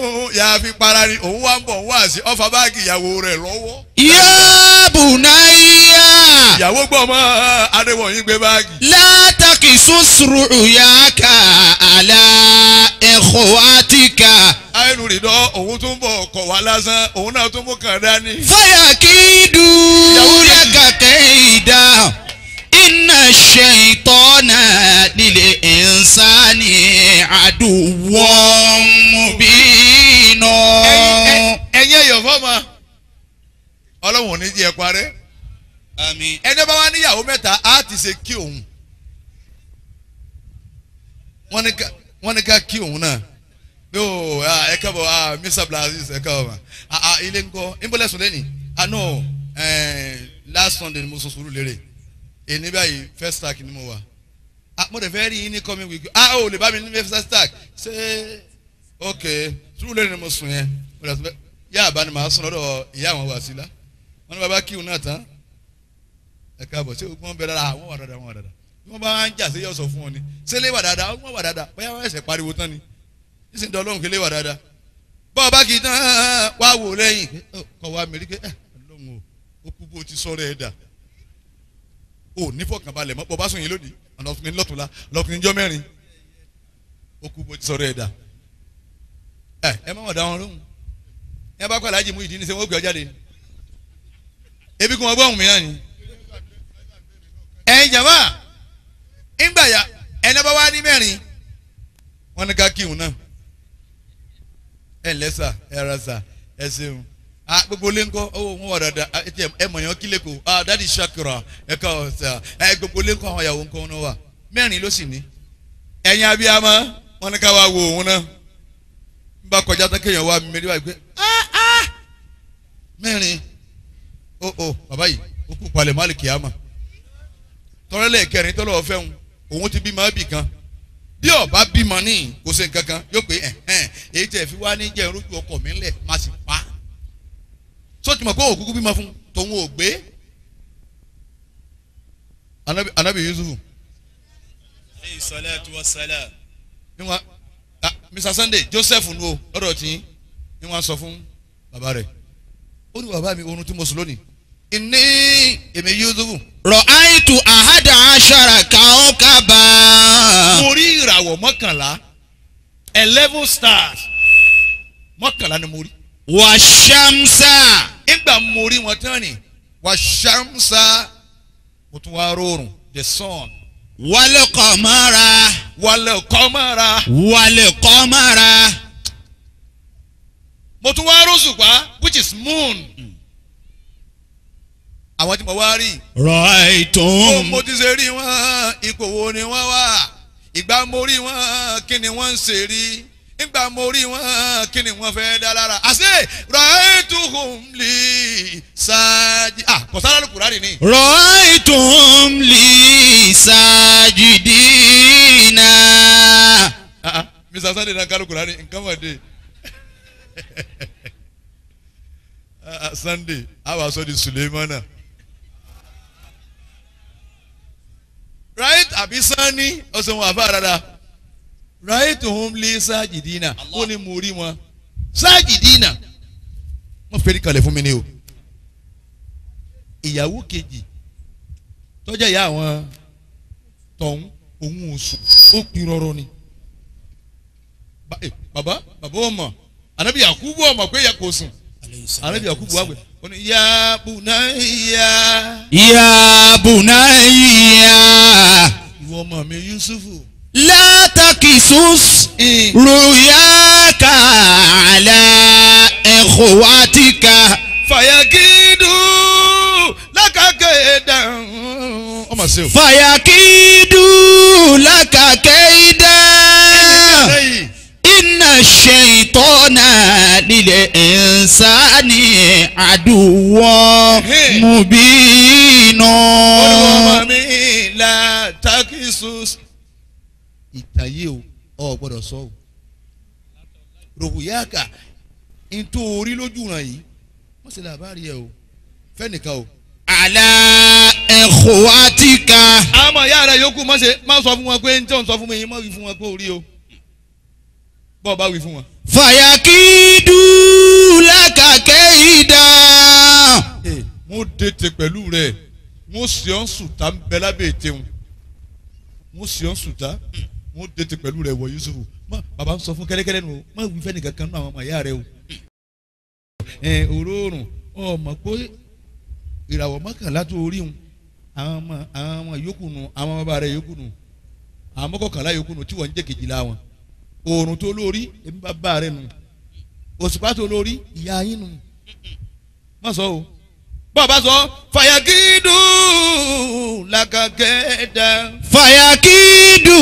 nínú yàá fi para ni òun wá ń bọ̀ wá sí ọfà báàgì ìyàwó rẹ̀ lọ́wọ́. yáàbù náírà. ìyàwó gbọ́ mọ́ adéwọ̀nyí gbé báàgì. látàkì sùsùrù ìyáàkà àlà ẹ̀kọ́ àtìkà. àìlù rìndọ́ òun tún bọ̀ kọ̀ wá lásán òun náà tún mú kàn dání. fàyà kí dùn yàkàtẹ́ ìdá inna shaytana lil insani aduwwun mubina. ẹ̀yin ẹ̀yọ̀ fọ́ọ̀mà ọlọ́run ò ní jẹ́ parẹ́ àmín ẹni bá wá níyàwó mẹ́ta á ti ṣe kí òun wọ́n ní ká kí òun náà bí o ẹ káàbọ̀ Mr Blazis ẹ káàbọ̀ ilé ńkọ́ ńbọ́lẹ́sùn lẹ́nìí àná eh, last Sunday ni mo sọ sùúrù lérè èyí báyìí first stack ni mo wà ah, mo dẹ̀ fẹ́ rí yín ní coming week ah o lè bá mi ní first stack ṣé ok sùúrù lónìí ni mo sùn yẹn mo dẹ̀ fẹ́ yá àbá ni màá sùn lọ́dọ̀ ìyá àwọn Wasila wọn ní bàbá kíhun náà tán ẹ káàbọ̀ ṣé ogun bẹ dáadáa àwọn ah, wà dáadáa àwọn wà dáadáa bí wọ́n bá ń jà sí yọ̀ sọ fún wọn ni ṣé lè wà dáadáa wọ́n wà dáadáa bóyá wọ́n ẹ̀sẹ̀ pariwo tán ni ìsìn dán lóhùn kí lè wà dáadáa bọ́ọ̀ bá kì í tán wá wò lẹ́yìn kọ́ wa mẹ́rin pé ẹ̀ eh, lóhùn o ó kú bó ti sọ̀rọ̀ ẹ̀ dà o ní fọkànbalẹ̀ mọ́ bọ́ bá sùn yín lónìí ọ̀nà ọ̀sùn lọ́tùnla lọ́kùnrin jọ mẹ́rin ó kú bó ti sọ̀rọ̀ ẹ̀dá ẹ ẹ má wọ̀ dá wọn lóhùn ẹ bá kọ́ aláàjì mú ìdí ní sẹ́wọ́n ó gbé ọ jáde ebi kún ọgbọ́n ọ̀hún mìíràn ni ẹ̀yin jàmbá ńgbà ya ẹni bá wá ní mẹ́rin wọn ní ká kí òun náà ẹ̀ ń lẹ́sà ẹ̀ rasa ẹ̀ ṣeun. Ah, gbogbo léńkọ owó oh, wọn wà dáadáa ah, ẹ mọ̀yàn kílẹ̀ kó ah, dadi shakira ẹ kọ ọ̀sà ẹ gbogbo léńkọ àwọn ìyàwó nǹkan wọn wà mẹ́rin ló sì ní. ẹ̀yin abiyamọ wọn ni ká wá wo òun náà n bá kọjá tán kéèyàn wá mi mẹ́rin wá gbé mẹ́rin o o bàbá yìí o kú palẹ̀ má lè kí a mọ̀ tọ́lẹ́lẹ̀ kẹrin tọ́lọ̀ ọ̀fẹ́ òun òun ti bí màá bì kan bí ọba bímọ ní kò sí nǹkan kan yóò pé ẹ̀hẹ́n èyí tẹ̀ fi wá ní jẹ́ ìrújú ọkọ mi ńlẹ̀ má sì pa tó ti mọ̀ pé òkúkú bímọ fún tòun ò gbé anabi yusufu. aleyhi salatu wa salam. níwọ̀n ah, mr sunday joseph nu o lọ́dọ̀ tí níwọ̀n sọ fún bàbá rẹ̀ ó ní bàbá mi oorun tí mo sùn lónìí ìní èmi yusufu. rọ àìtù àhádà aṣara kàó kábà. mo rí ìràwọ̀ mọ́kànlá eleven stars mọ́kànlá ni mo rí. wàṣàmsà ìgbà mo rí wọn tán ni wà ṣàmùsà mo the sun. wálé kọ́ mọ́ra. wálé kọ́ mọ́ra. wálé kọ́ mọ́ra. mo which is moon. Hmm. àwọn tí mo wá rí. rọ ètò. mo ti ṣe rí wọn ipò wo ni wọ́n wà ìgbà mo wọn kí ni wọ́n ń ṣe rí nígbà mo rí wọn kí ni wọ́n fẹ́ dá lára àṣẹ ra'aytuhum li sáájì ah kò sára ló kúrárì ni. ra'aytuhum li sajidina. Ah, ah, mr sunday náà kálukú rárá nǹkan mọ̀ dé ah, sunday a sọ di suleimana. right àbí sanni ọ̀sẹ̀ wọn àfa dáadáa ràìtò hom lé sáàjìdínà O ní mo rí wọn sáàjìdínà wọ́n fẹ́rí kalẹ̀ fún mi ni o ìyàwó kejì tọ́jà ìyá àwọn tọ̀hún òun ò sùn ó pin rọrọ ni baba eh, bàbá ọmọ anabi yakubu ọmọ pé yẹ kò sùn anabi yakubu wà pé ó ya bunayya. ya bunayya. ìwọ ọmọ mi yusufu látàkìsùs mm. rúyàkà àlà ẹ̀kọ́ wa ti ka. fàyàkìdù lákàkẹ́ dàn. fàyàkìdù lákàkẹ́ dàn. inna shaytana lil insani aduwwun mubin. olùwọ́n mi látàkìsùs ìtàyè o ọ gbọ́dọ̀ sọ o rògbòyàkà ntòórí lójú ràn yìí wọ́n sì làbárí ẹ o fẹ́nìkan o. àlà ẹ̀kọ́ àtìkà. àmọ́ ìyá rẹ̀ yòókù má ṣe má sọ fún wọn pé ntẹ́ òun sọ fún mi yín má wí fún wọn pé orí o bọ́ọ̀ bá wí fún wọn. fàyàkìdù lákàkẹ́ ìdá. mo dètè pẹ̀lú rẹ̀ mo sì ń sùtá ń bẹ lábẹ́ ètè wọn mo sì ń sùtá. Mm wọn dé ti pẹ̀lú rẹ̀ wọ Yusufu mọ bàbá ń sọ fún kẹ́lẹ́kẹ́lẹ́ nu o mọ ìwé fẹ́ nìkan kan nínú àwọn ọmọ ìyá rẹ o. ẹ òróòrùn ọmọ pé ìràwọ̀ mọ́kànlá tó rí wọn àwọn ọmọ àwọn ọmọ yòókù nu àwọn ọmọ bàbá rẹ yòókù nu àwọn mọ́kànlá yòókù nu tí wọ́n ń jẹ́ kejìlá wọn òòrùn tó lórí èmi bàbá rẹ nu òṣùpá tó lórí ìyá yín nu mọ̀ sọ́ o bọ́ọ̀bá sọ fàyàkìdù làkàkẹ́dà. fàyàkìdù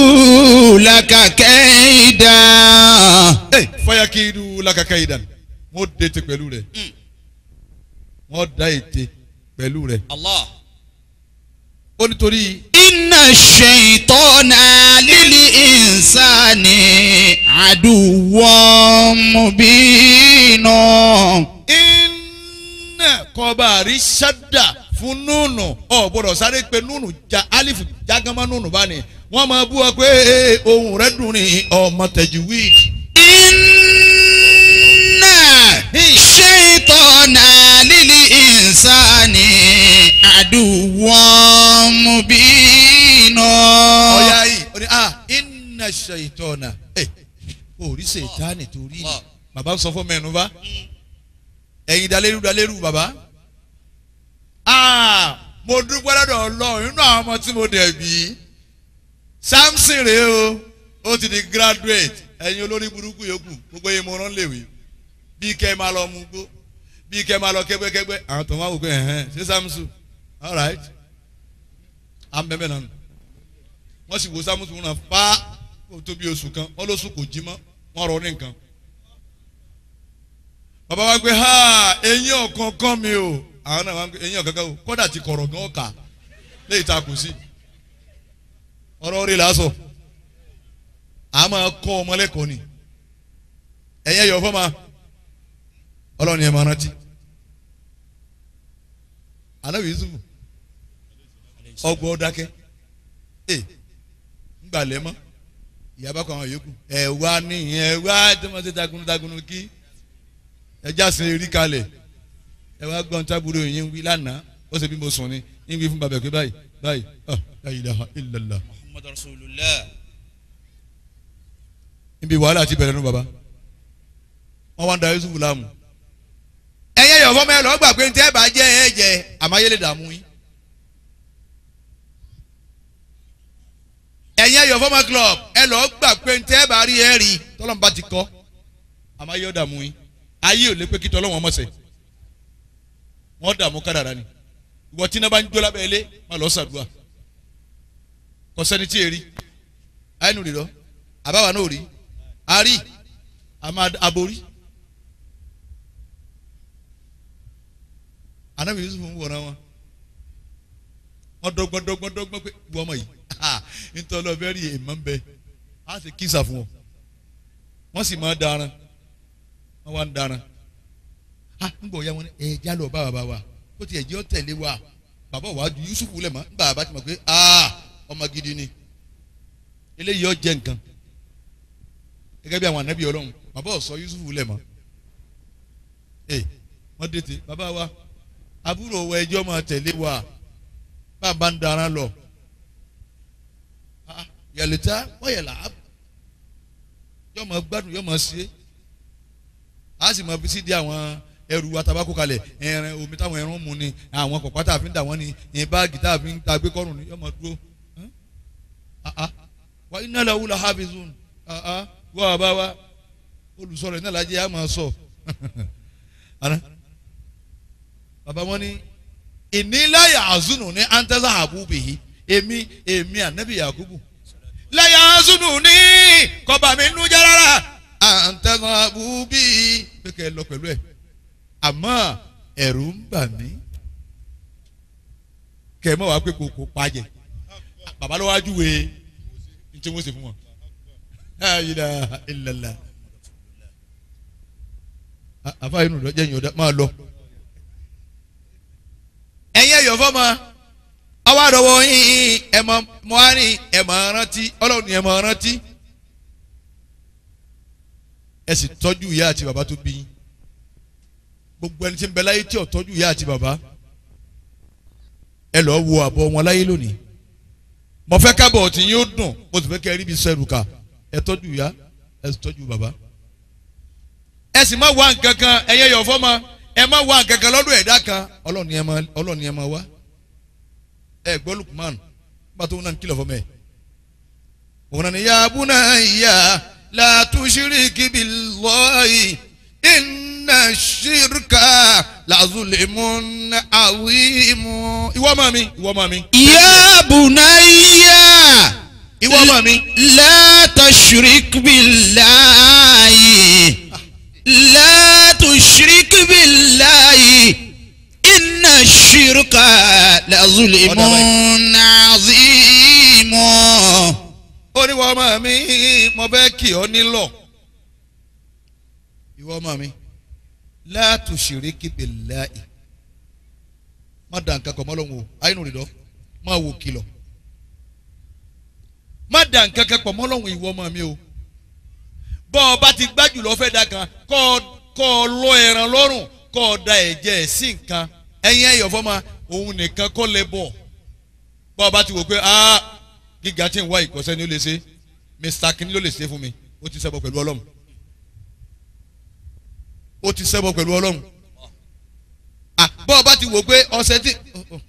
làkàkẹ́dà. ẹ fàyàkìdù làkàkẹ́dà mo dètè pẹ̀lú rẹ̀ hmm. mo da ètè pẹ̀lú rẹ̀. Allah ó nítorí. inna shaytana lil insani aduwwun mubin kọba àrí ṣádà fún núùnù ọ gbọ́dọ̀ sáré pé núùnù ja alif jágánmá núùnù bá ní wọ́n máa bú ọ pé ohun rẹ̀ dùn ní ọmọ tẹjú wíìkì. iná ṣe tọ́nà lílì ìsàní àdúgbò mubínú. ọ̀ya yìí ó ní ah iná ṣe ìtọ́nà ẹ̀ orí ṣètánì torí bàbá sọ fún mẹ́nu bá. Hmm ẹ̀yin dalérú dalérú bàbá mo dúpẹ́ lọ́dọ̀ ọlọ́run nínú àwọn ọmọ tí mo dẹ̀ bí Samson rèé o ó ti di graduate ẹ̀yin olórí burúkú yòókù gbogbo yìí mo rán léwe bí kẹ́ ẹ máa lọ mú gbó bí kẹ́ ẹ máa lọ kẹ́gbẹ́kẹ́gbẹ́ àwọn tó máa wò pé ẹ̀hẹ́n ṣé Samson all right àmbẹ̀mẹ̀ nànú wọ́n sì wo Samson náà fá tó bí oṣù kan wọ́n lóṣù kò jí mọ́ wọ́n rọ ní nǹkan bàbá wa gbé ha eyín ọ̀kọ̀ọ̀kan mi o àwọn náà wà gbé eyín o kódà ti kọ̀rọ̀ gan ọ̀ka ta kù sí ọ̀rọ̀ a máa kọ́ ọmọ ni ẹ̀yẹ yọ̀ fọ́ ma ọlọ́ni ẹ̀ máa rántí anabi yusuf ọgwọ dákẹ́ ẹ ngbàlẹ́ mọ́ ìyá bá kọ́ àwọn yòókù ẹ̀ wá ní ẹ̀ ẹ jásin erí kalẹ̀ ẹ wá gbọ́n tábúrò yín wí lánàá ó ṣe bí mo sùn ni yín wí fún bàbá pé báyìí báyìí ah la ilaha illallah. muhammadu rasulullah. níbi wàhálà ti bẹ̀rẹ̀ nù bàbá wọ́n wá ń da yusuf láàmú. ẹyẹ yọ̀ fọ́mọ ẹ lọ́ọ́ gbà pé ntẹ́ bá jẹ́ ẹ jẹ àmáyélé dààmú yín. ẹ̀yin ẹ̀yọ̀ fọ́mọ club ẹ lọ́ọ́ gbà pé ntẹ́ bá rí ẹ rí tọ́lọ́mùbá ti kọ́ àmáyé ọ̀dààmú yín ayé ò lè pé kí tọ́lọ́wọ́n mọ̀ sẹ́ wọ́n dààmú kádàrá ni ìwọ tí iná bá ń jó lábẹ́ ilé má lọ sàdúrà kò sẹ́ni tí èrí àìnú rí lọ àbáwá náà rí àárí àborí. anabi yusuf ń wọ̀nà wọn wọn dọ́gbọ́n dọ́gbọ́n dọ́gbọ́n pé wọ́n mọ̀ yìí nítorí ọbẹ̀ rí èèmọ̀ ń bẹ á sì kí sàfún wọn wọ́n sì máa daran wọ́n wá ń dara ah ńgbọ̀ ya wọn ẹ já lọ bàbá wa ó ti ẹ̀jẹ̀ ọ́ tẹ̀lé wa bàbá wa ju Yusuf lẹ̀ mọ́ nígbà bàbá ti mọ̀ pé ah ọmọ gidi ni eléyìí ọ́ jẹ nǹkan gẹ́gẹ́ bí àwọn ànábì Ọlọ́run bàbá ò Yusuf lẹ̀ mọ́ ẹ wọ́n dètè bàbá wa àbúrò wa ẹjọ́ máa tẹ̀lé wa bàbá ń dara lọ ah, yàlẹ́ta wọ́n yẹ̀ làá yọ́ máa gbádùn yọ́ máa ṣe a sì mọ sí di àwọn ẹrù atabako kalẹ̀ ẹ̀rìn omi táwọn ẹ̀rùn mu ni àwọn kọ̀pá tá a fi ń dà wọ́n ni ìyẹn báàgì tá a fi ń ta gbé kọ́rùn ni yọmọ dúró ah, ah. wa iná làwù la hafizun ah, wà bá wa olùsọ̀rọ̀ iná làjẹ́ yà máa sọ bàbá wọn ni ìníláyà àzùnù ní antẹ́sà àbúbìyí èmi èmi ànábìyà kúbù láyà àzùnù ní kọba jẹ́ rárá àǹtẹ̀gàn àbúbí pé kẹ́ ẹ lọ pẹ̀lú ẹ̀ àmọ́ ẹ̀rù ń bà mí kẹ́ ẹ mọ̀ wá pé kò kò pàjẹ́ bàbá ló wá júwe ní tí wọ́n ṣe fún wọn. ayila ilala àfa inú rẹ jẹ́ ìyọ̀dá máa lọ. ẹ̀yin ẹ̀yọ̀ fọ́ ọwọ́ àdọ̀wọ́ yín ẹ̀ mọ̀ mọ́ rántí ọlọ́run ẹ̀ mọ̀ rántí ẹ sì tọ́jú ìyá àti bàbá tó bí yín gbogbo ẹni tí ń bẹ láyé tí ò tọ́jú ìyá àti bàbá ẹ lọ́ọ́ wo àbọ̀ wọn láyé lónìí mo fẹ́ kábọ̀ tí yín ó dùn mo sì fẹ́ kẹ́ ẹ rí ibi sẹ́rù ká ẹ tọ́jú ìyá ẹ sì tọ́jú bàbá ẹ sì má wá nǹkan kan ẹ̀yẹ yọ̀ fọ́ ma ẹ má wá nǹkan kan lọ́dọ̀ ẹ̀dá kan ọlọ́ọ̀ni ẹ má wá ẹ gbọ́ Lukman bàtà òun náà ń kìlọ̀ fọ́ mẹ́ òun náà ni yàbúnà yà. لا تشرك بالله إن الشرك لظلم عظيم إيوا مامي إيوا مامي يا بني إيوا مامي لا تشرك بالله لا تشرك بالله إن الشرك لظلم عظيم. ó ní wọ́n ọmọ mi mo fẹ́ kì ọ́ nílọ̀ ìwọ ọmọ mi la tushiriki billahi má dà nǹkan kan mọ́ lọ́hùn o àyínú rẹ̀ lọ má wò kìlọ̀ má dà nǹkan kan pọ̀ mọ́ ìwọ ọmọ mi o bọ́ ọ bá ti gbájú lọ fẹ́ da kan kọ́ ọ lọ ẹran lọ́rùn kọ́ ọ da ẹ̀jẹ̀ ẹ̀ sí nǹkan ẹ̀yìn ẹ̀yọ̀ fọ́ ma òun nìkan kọ́ lẹ bọ́ ọ bá ti wò pé aah gíga tí ń wá ìkọ́sẹ́ ni ó lè ṣe mr kini ló lè ṣe fún mi ó ti ṣẹbọ pẹ̀lú ọlọ́run ó ti ṣẹbọ pẹ̀lú ọlọ́run ah, bọ́ọ̀ bá ti wò pé ọ̀sẹ̀ tí oh, oh.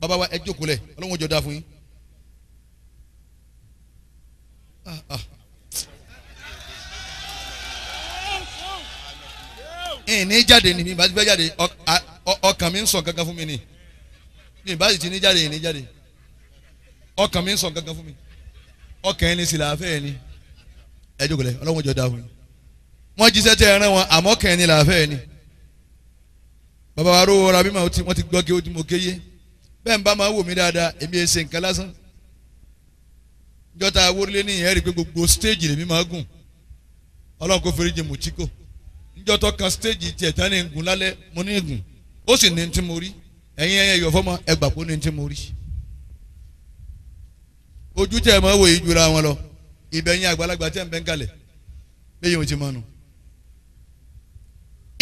bàbá wa ẹ jókòó lẹ̀ ọlọ́run ó jọ dá fún yín ìní ah, ah. jáde ni mi bá ti fẹ́ jáde ọkàn mi ń sọ kankan fún mi ni mi bá sì ti ní jáde ìní jáde. ọkàn mi ń sọ gangan fún mi ọkàn ẹni sì làáfẹ́ ẹni ẹ jókòó lẹ ọlọ́run jọ dáa fún wọ́n jíṣẹ́ tẹ ẹran wọn àmọ́ ọkàn ẹni làáfẹ́ ẹni bàbá wa rówó ra bímọ wọ́n ti gbọ́ kí ti mọ kéye bẹ́ẹ̀ ń bá máa wò mí dáadáa èmi èsè nǹkan lásán jọta awórílé ní rí i pé gbogbo stéèjì lèmi máa gùn ọlọ́run kò fèrè jẹ kan stéèjì tiẹ̀ ojú tẹ̀ mọ́ wòye jura wọn lọ ìbẹ̀yìn àgbàlagbà tẹ̀ ń bẹ́ ń kalẹ̀ lẹ́yìn òtí mọ́nu.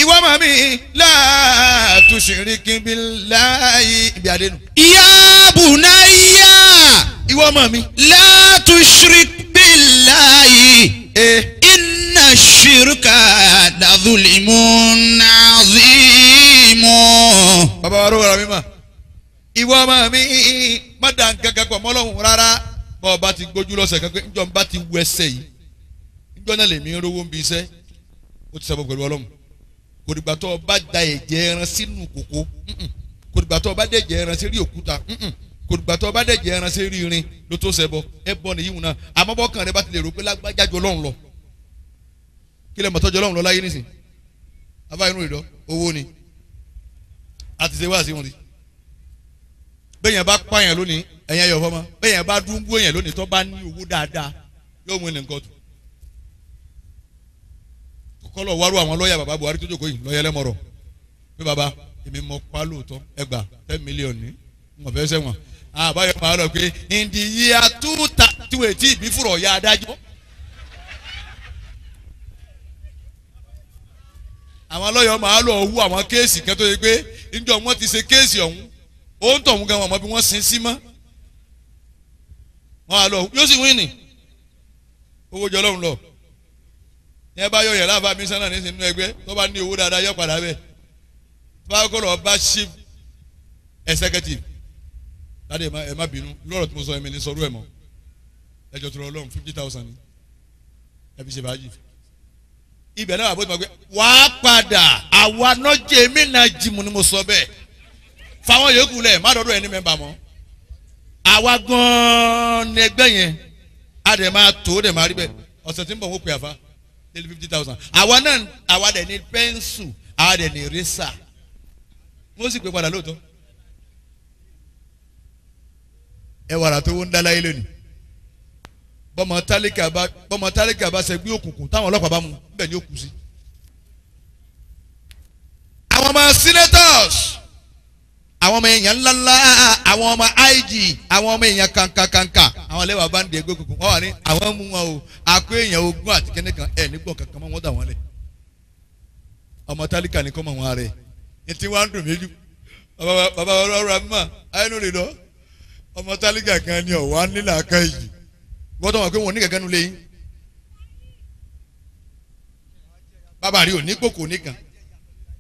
ìwọ màá mi látúnṣìríkì bí láàyè ibi àdénù. ìyá bùnà yá. ìwọ màá mi. látúnṣìríkì bí láàyè. iná ṣìrìkà dàdúlìmù nàzímù. bàbá wa ló wà mí ìwọ màá mi má dàn gàgàgbọ̀ mọ́lọ́hùn rárá bọ́ ọba ti gbójú lọ́sẹ̀ kan pé ńjọ́ ń bá ti wọ ẹsẹ̀ yìí ńjọ́ náà lèmi ń rówó ń bi iṣẹ́ ó ti sábọ̀ pẹ̀lú ọlọ́run kò dìgbà tó ọba da ẹ̀jẹ̀ ẹran sínú kòkó kò dìgbà tó ọba dẹ̀jẹ̀ ẹran sí rí òkúta kò dìgbà tó ọba dẹ̀jẹ̀ ẹran sí rí irin ló tó ṣẹbọ ẹ bọ nìyí wùnà àmọ́ bọ́kàn rẹ bá ti lè rò pé lágbájá ẹ̀yẹn yọ̀ fọmọ bẹ́ẹ̀ yẹn bá dúngbò yẹn lónìí tó bá ní owó dáadáa yóò mú nìkan tó kọ́lọ̀ wárò àwọn lọ́ọ̀yà bàbá Buhari tó jókòó yìí lọ́ọ̀yà lẹ́mọ̀rọ̀ pé bàbá èmi mọ pa lóòótọ́ ẹgbà ten million ní wọn fẹ́ sẹ́wọ̀n àbáyọ̀ máa lọ pé in the year two thirty two eighty ìbí fúrọ̀ ya adájọ́. àwọn lọ́ọ̀yà máa lọ wú àwọn kéèsì kẹ́tọ́ yìí pé níjọ́ wọn ti ṣe kéèsì ọ̀hún ó ń tọ̀hún gan wọn mọ bí wọ́n sin sí mọ́ wọn á lọ yóò sì wíìnì owó jọ lọ́hùn lọ yẹn bá yọ yẹn láfa mi sánà nísìnyí nínú ẹgbẹ́ tó bá ní owó dáadáa yọ padà bẹ́ẹ̀ tó bá kọ́ lọ bá chief executive láti ẹ̀ má bínú lọ́rọ̀ tí mo sọ ẹ̀mí ni sọ́rú ẹ̀ mọ́ ẹjọ́ tó lọ lọ́hùn fifty thousand ni ẹ fi ṣe fàájì ibẹ̀ náà àbójútó pé wàá padà àwa náà jẹ́ èmi náà jìmù ni mo sọ bẹ́ẹ̀ fáwọn yòókù lẹ̀ má dọ́dọ̀ ẹni mẹ́mbà mọ́ àwa gan-an ni ẹgbẹ́ yẹn a dẹ̀ máa tó dẹ̀ máa rí bẹ́ẹ̀ ọ̀sẹ̀ tí ń bọ̀ wọ́n pè àfa daily fifty thousand àwa náà àwa dẹ̀ ní pẹ́ńsù àwa dẹ̀ ní rẹ́sà wọ́n sì pè padà lóòótọ́ ẹ wàrà tó ń dáláyé lónìí bọ́mọ tálíkà bá bọ́mọ tálíkà bá ṣẹgbẹ́ òkùnkùn táwọn ọlọ́pàá bá mú bẹ́ẹ̀ ni ó kù sí. àwọn ọmọ senators àwọn ọmọ èèyàn ńláńlá àwọn ọmọ ig àwọn ọmọ èèyàn kankankanka àwọn lẹ́wà bá ń di egó kunkun ní àwọn mú wọn o àkó èèyàn ogún àti kẹ́ni kan ẹ̀ nígbọ̀n kankan mọ́ wọ́n dà ọmọ tálíkà wọn rẹ̀ bàbá lọ ọmọ tálíkà kan ni ọ̀wá nílà ká yìí gbọ́dọ̀ wọn pé wọn ní kankan bàbá rí ní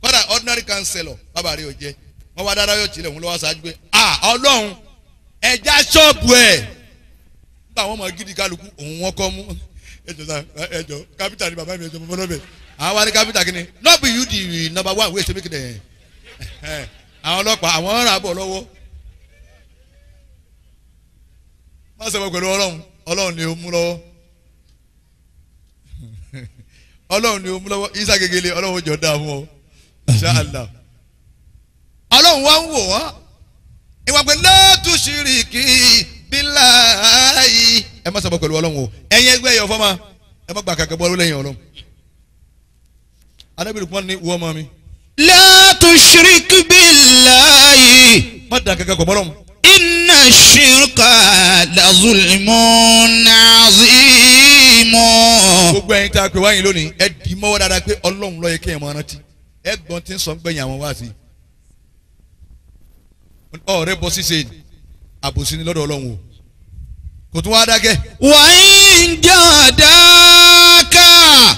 kọ́dà ordinary councillor bàbá wọ́n wá dára yóò tilẹ̀ òun lọ́wọ́ ṣáájú pé à ọlọ́run ẹja ṣọ́ọ̀bù ẹ̀ nígbà wọn mọ gidi kálukú òun wọn kọ́ mú ẹjọ sa ẹjọ kápítà ni bàbá mi ẹjọ fọfọ lọ́bẹ̀ àwọn wa kápítà kí ni no be you the number one wey ṣe make dem àwọn ọlọ́pàá àwọn ọ̀rọ̀ àbọ̀ lọ́wọ́ má sọ pẹ̀lú ọlọ́run ọlọ́run ni ó mú lọ́wọ́ ọlọ́run ni ó mú lọ́wọ́ isa gegele ọlọ́run jọ ọlọ́run wá ń wò wọ́n ìwà pé lọ́ọ̀tù ṣìrìkì bíláì ẹ má sábà pẹ̀lú ọlọ́run o ẹ̀yin ẹgbẹ́ ẹ̀yọ̀ fọ́mà ẹ má gbà kàkẹ́ bọ́ lẹ́yìn ọlọ́run anábìrì pọ́n ní wọ́n mọ́ mi. lọ́ọ̀tù ṣìrìkì bíláì. má dà kàkẹ́ kọ̀ bọ́lọ́mù. inna ṣìrìkà lazulmun azimun. gbogbo ẹ̀yin tá a pè wáyìn lónìí ẹ dì mọ́wọ́ dáadáa pé ọlọ́run ló yẹ kéèyàn máa rántí ẹ ọ̀rẹ́ bọ́ ṣíṣe àbòsí ni lọ́dọ̀ ọlọ́run o kò tún wá dákẹ́. wàyí ń jẹ́ ọ̀dáàkà.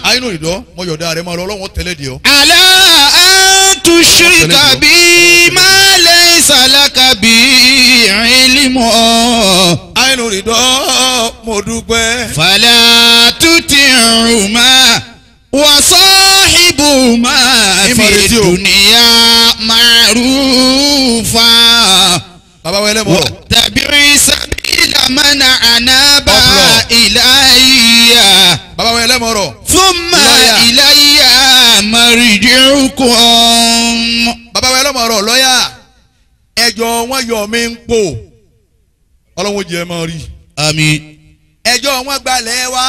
àyínú ìdọ́ mo yọ̀dá rẹ̀ máa lọ ọlọ́run tẹ́lẹ̀ dì ọ́. àlá àtúnṣe kàbí máa lè ṣàlàkà bí ìrìnlímọ̀. àyínú ìdọ́ mo dúpẹ́. fàlà tó ti rùn máa wasahibu ma fi dunya ma'rufa. bàbá wẹlẹ mọ. tàbí sabila mana anaba ilayya. bàbá wẹlẹ mọ rọ. thumma ilayya marji'ukum. bàbá wẹlẹ mọ rọ lọ́yà ẹjọ́ wọn yọ mí ń pò ọlọ́run jẹ́ máa rí. ẹjọ́ wọn gbalẹ̀ wá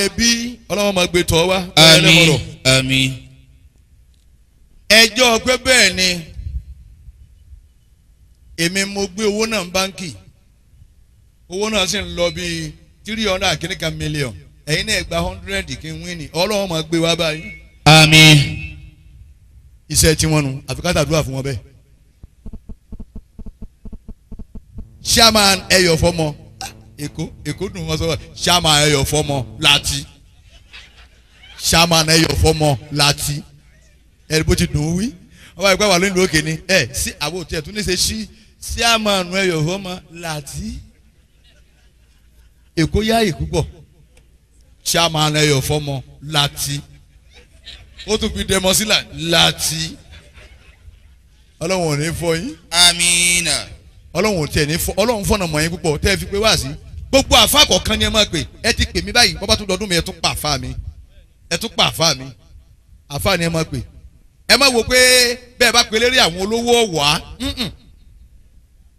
ebi. bí ọlọ́wọ́n máa gbé tọ́ wá. ẹjọ́ pé bẹ́ẹ̀ ni èmi mo gbé owó náà báńkì owó náà sì ń lọ bíi three hundred and kìnnìkan million ẹ̀yin náà gba hundred kí n win ọlọ́wọ́n máa gbé wá báyìí. iṣẹ́ fọmọ. èkó èkó dùn wọn sọ ṣáàmà ẹyọ fọmọ láti ṣáàmà ẹyọ fọmọ láti ẹni bó ti dùn wí ọba ìgbà wà lónìí lókè ni ẹ sí àbò tí ẹ tún ní ṣe ṣí ṣáàmà ẹyọ fọmọ láti èkó yá ìkúbọ ṣáàmà ẹyọ fọmọ láti ó tún fi dẹmọ sílà láti ọlọ́wọ̀n ò ní fọ yín. amiina ọlọ́run tẹ̀ ní ọlọ́run fọ̀nà mọ̀ yín púpọ̀ tẹ́ ẹ fi pé wá sí gbogbo àfa kọ̀ọ̀kan ni ẹ máa pè ẹ ti pè mí báyìí bọ́bá tó dọdún mi ẹ tún pa àfa mi ẹ tún pa àfa mi àfa ni ẹ máa pè ẹ má wo pé bẹ́ẹ̀ bá pe lérí àwọn olówó ọ̀wá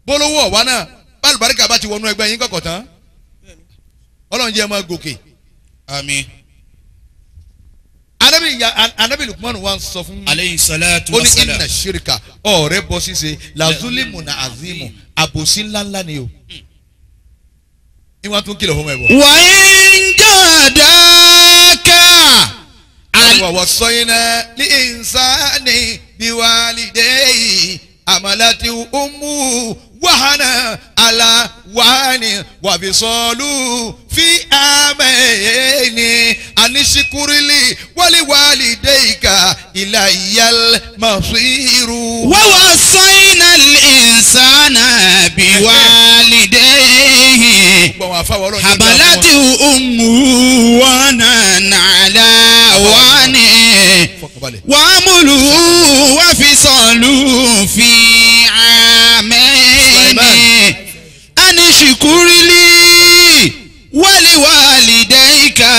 bólówó ọ̀wá náà bálùbáríkà bá ti wọnú ẹgbẹ́ yín kọ̀kọ̀ tán ọlọ́run jẹ́ ẹ máa gòkè àmín anabi ya anabi lukman wa sọ fún. aleyhi salatu wa salam. ó ní inna shirika ọ̀rẹ́ bọ́ ṣíṣe lazuli muna azimu àbòsí ńláńlá ni o ìwọ́n tún kìlọ̀ fún mi bọ̀. wà á ń jà dáká. àwọ̀wọ̀ sọyìn náà ní ìsáni bí wàá lè dé yìí àmàlà tí ó mú wàhánà àlà wàhánì wàbísọ́lù fi àmẹ́yẹ́ni àníṣikúrílì wálíwálì déyìká ilà ìyàl màṣírù. wọ́wọ́ sọ́yìnà ìsànà bí wálì déyìí. habalati umu wana nala wani wàmúlù wàfisọ̀lù fi àmẹ́ ṣìkúrílì wàlíwàlídẹ́yìká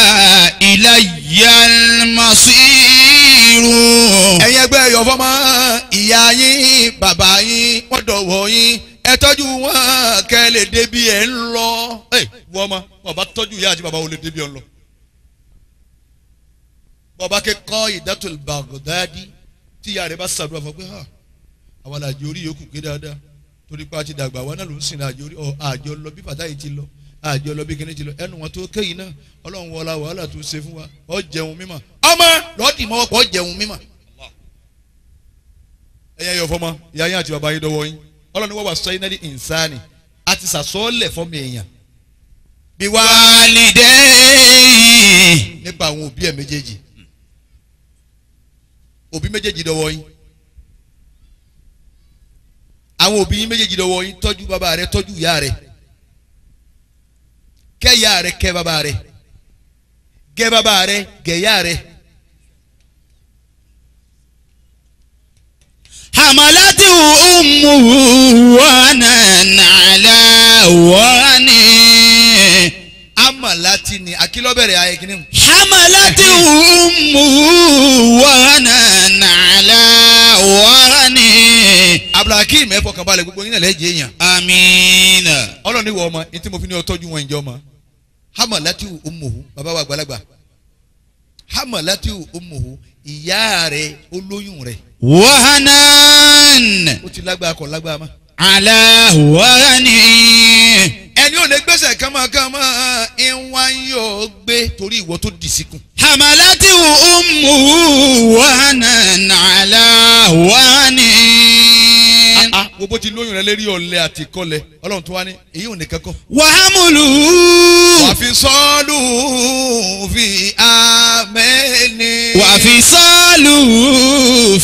ìlàyàmásírù. ẹ̀yin ẹgbẹ́ yọ̀fọ́ mọ́ ìyá yín bàbá yín wọ́n dọ̀wọ́ yín ẹ tọ́jú wọn kẹ́ lè débi ẹ̀ ń lọ. wọ́n ma bàbá tọ́jú ìyá àti bàbá wo lè débi ẹ̀ ń lọ. bàbá kẹ́kọ̀ọ́ ìdátòlùbàgọ̀dáàdì tí ìyá rẹ̀ bá ṣàdúrà fún pé àwọn àlàjì orí yòókù ké dáadáa torí pé a ti dàgbà wa náà ló ń sìn àjọ lọ bí fàtáyì ti lọ àjọ lọ bí kìnìún ti lọ ẹnu wọn tó kéyìí náà ọlọ́run wọlá wàhálà tó ṣe fún wa ọ jẹun mímọ́ ọmọ lọ́ọ̀dì mọ́wọ́ pọ̀ jẹun mímọ́. ẹyẹ yọ fọmọ ìyá yín àti bàbá yín dọ́wọ́ yín ọlọ́run ni wọ́n wà sọ iná ní ìnsáni àti sàsọ́ọ̀lẹ̀ fọmọ èèyàn. bí wàlídé nípa àwọn òbí ẹ̀ méjèèjì òbí méjèèjì dọ́wọ́ yín àwọn òbí yín méjèèjì lọ́wọ́ yín tọ́jú bàbá rẹ tọ́jú ìyá rẹ kẹ́ ìyá rẹ kẹ́ bàbá rẹ gẹ́ bàbá rẹ gẹ́ ìyá rẹ. hamalati ummuhu wanan ala wani. hamalati ni akilọ́bẹ̀rẹ̀ ayé kìíní. hamalati ummuhu wanan. abdulhakeem ẹ fọkàn gbogbo yín lẹ́jẹ̀ èèyàn. amiina. ọlọ́ni wọ ọmọ ní mo fi ní ọtọ́jú wọn ìjọ ọmọ hama láti umuhu bàbá wa àgbàlagbà hama láti umuhu ìyá rẹ̀ olóyún rẹ̀. wahanan. ó ti lágbára kọ lágbára ma. ala wahani. ẹni ò lè gbèsè kàmákàmá ìwà gbé torí ìwọ tó dì síkùn. hamalati umuhu wahanan ala wahani gbogbo ti lóyún rẹ lérí ọ̀lẹ àti kọlẹ ọlọ́run tó wá ní èyí ò ní kẹ́kọ̀. wàhámùlù. wàfi sọ́ọ̀lù fi àmẹ́ni. wàfi sọ́ọ̀lù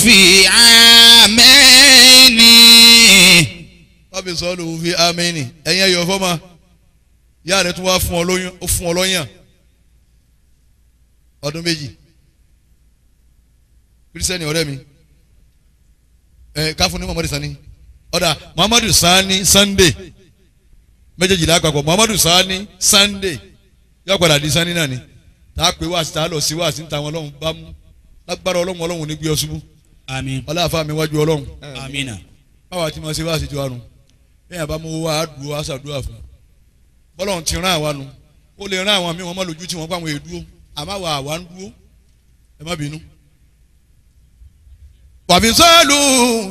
fi àmẹ́ni. wàfi sọ́ọ̀lù fi àmẹ́ni ẹ̀yin ẹ̀yọ̀ fọ́mà yá rẹ̀ tún wá fún ọ lóyún ó fún ọ lọ́yàn ọdún méjì kírísítẹ́nì ọ̀rẹ́ mi ẹ̀ ká fún ní mọ̀mọ́dé sani ọ̀dà muhammadu sani sunday méjèèjì lápapọ̀ muhammadu sani sunday yóò padà di sani náà ni tá a pè wá sí tá a lọ sí wá sí níta àwọn ọlọ́run bá mú lágbára ọlọ́run ọlọ́run ní gbé ọ ṣubú àmín ọlọ́àfà mi wájú ọlọ́run àmín báwa ti máa ṣe wá sí ju àrùn bẹ́ẹ̀ bá mú wá àdúró àṣàdúrà fún ọlọ́run ti rán àwa nu ó lè rán àwọn míì wọn mọ́ lójú tí wọ́n pa àwọn èèdúró àmọ́ àwa àwa ń dúró ẹ má bínú wàfi sọ́ọ̀lù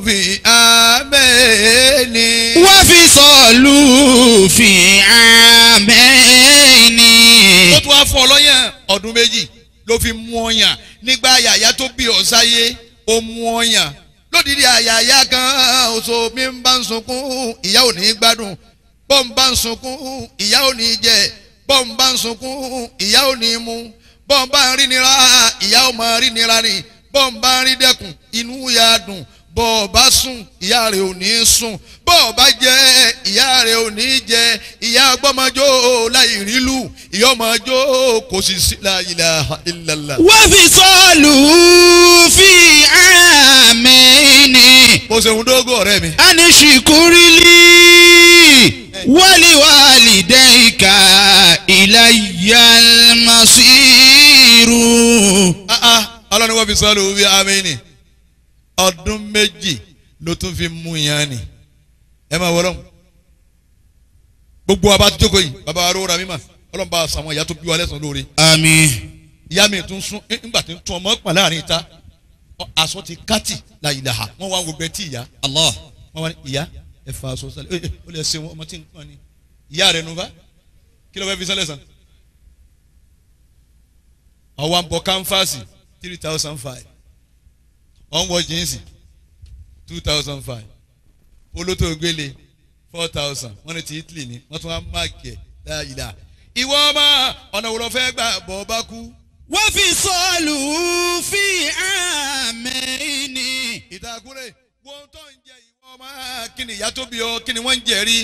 fi àbẹ́ẹ̀ni. wàfi sọ́ọ̀lù fi àbẹ́ẹ̀ni. ó tún wá fún ọlọ́yàn ọdún méjì ló fi mú ọyàn nígbà yàyà tó bí ọ̀sáyé ó mú ọyàn lódìdí àyàyà kan oṣù mi ń bá ń sunkún ìyá ò ní gbádùn bọ́ ń bá ń sunkún ìyá ò ní jẹ bọ́ ń bá ń sunkún ìyá ò ní mu bọ́ ń bá ń rí nira ìyá ò máa rí nira ni bọ́ ń bá rí dẹ́kun inú ya dùn bọ́ ọ bá sùn ìyá rẹ̀ ò ní sùn bọ́ ọ bá jẹ ìyá rẹ̀ ò ní jẹ ìyá gbọ́mọjó láì rílù ìyọ́mọjó kò sì sí la ilaha illallah. wọ́n fi sọ́ọ̀lù fi àmì ni. mo ṣe ń ọ̀rẹ́ mi. a ní ṣìkúrí lì wálé dẹ́ka ìlàyà màsírù ọlọ́ni wọ́n fi sọ́ọ́lù wí amíní ọdún méjì ló tún fi mú yàn ni ẹ máa wọ́n lọ́mù gbogbo wa bá jókòó yìí bàbá wa rọra mímà ọlọ́mùbá àsàwọn ìyá tó bí wa lẹ́sàn-án lóore. àmín. ìyá mi tún sún nígbà tí ń tún ọmọ pà láàrin ìta aṣọ ti kátì la ìlàhà wọn wá gbogbo ẹtí ìyá Allah wọn wá ní ìyá ẹ fa aṣọ sálẹ ó lè ṣe wọn ọmọ tí ń pọn ni ìyá rẹ nu kí ló fẹ́ fi sálẹ̀ sàn. àwa ń bọ kánfàsì three thousand five wọ́n wọ jíǹsì two thousand five polótó gbélé four thousand wọ́n ní ti Italy ni wọ́n tún wá máàkì ẹ̀ dáadáa ìwọ ọmọ ọ̀nà wo lo fẹ́ gbà bọ́ bá kú. wọ́n fi sọ́ọ̀lù fi àmẹ́ ni. ìtàkùrẹ́ wọ́n tó ń jẹ ìwọ ọmọ kí ni ìyá tó bí ọ kí ni wọ́n ń jẹ rí.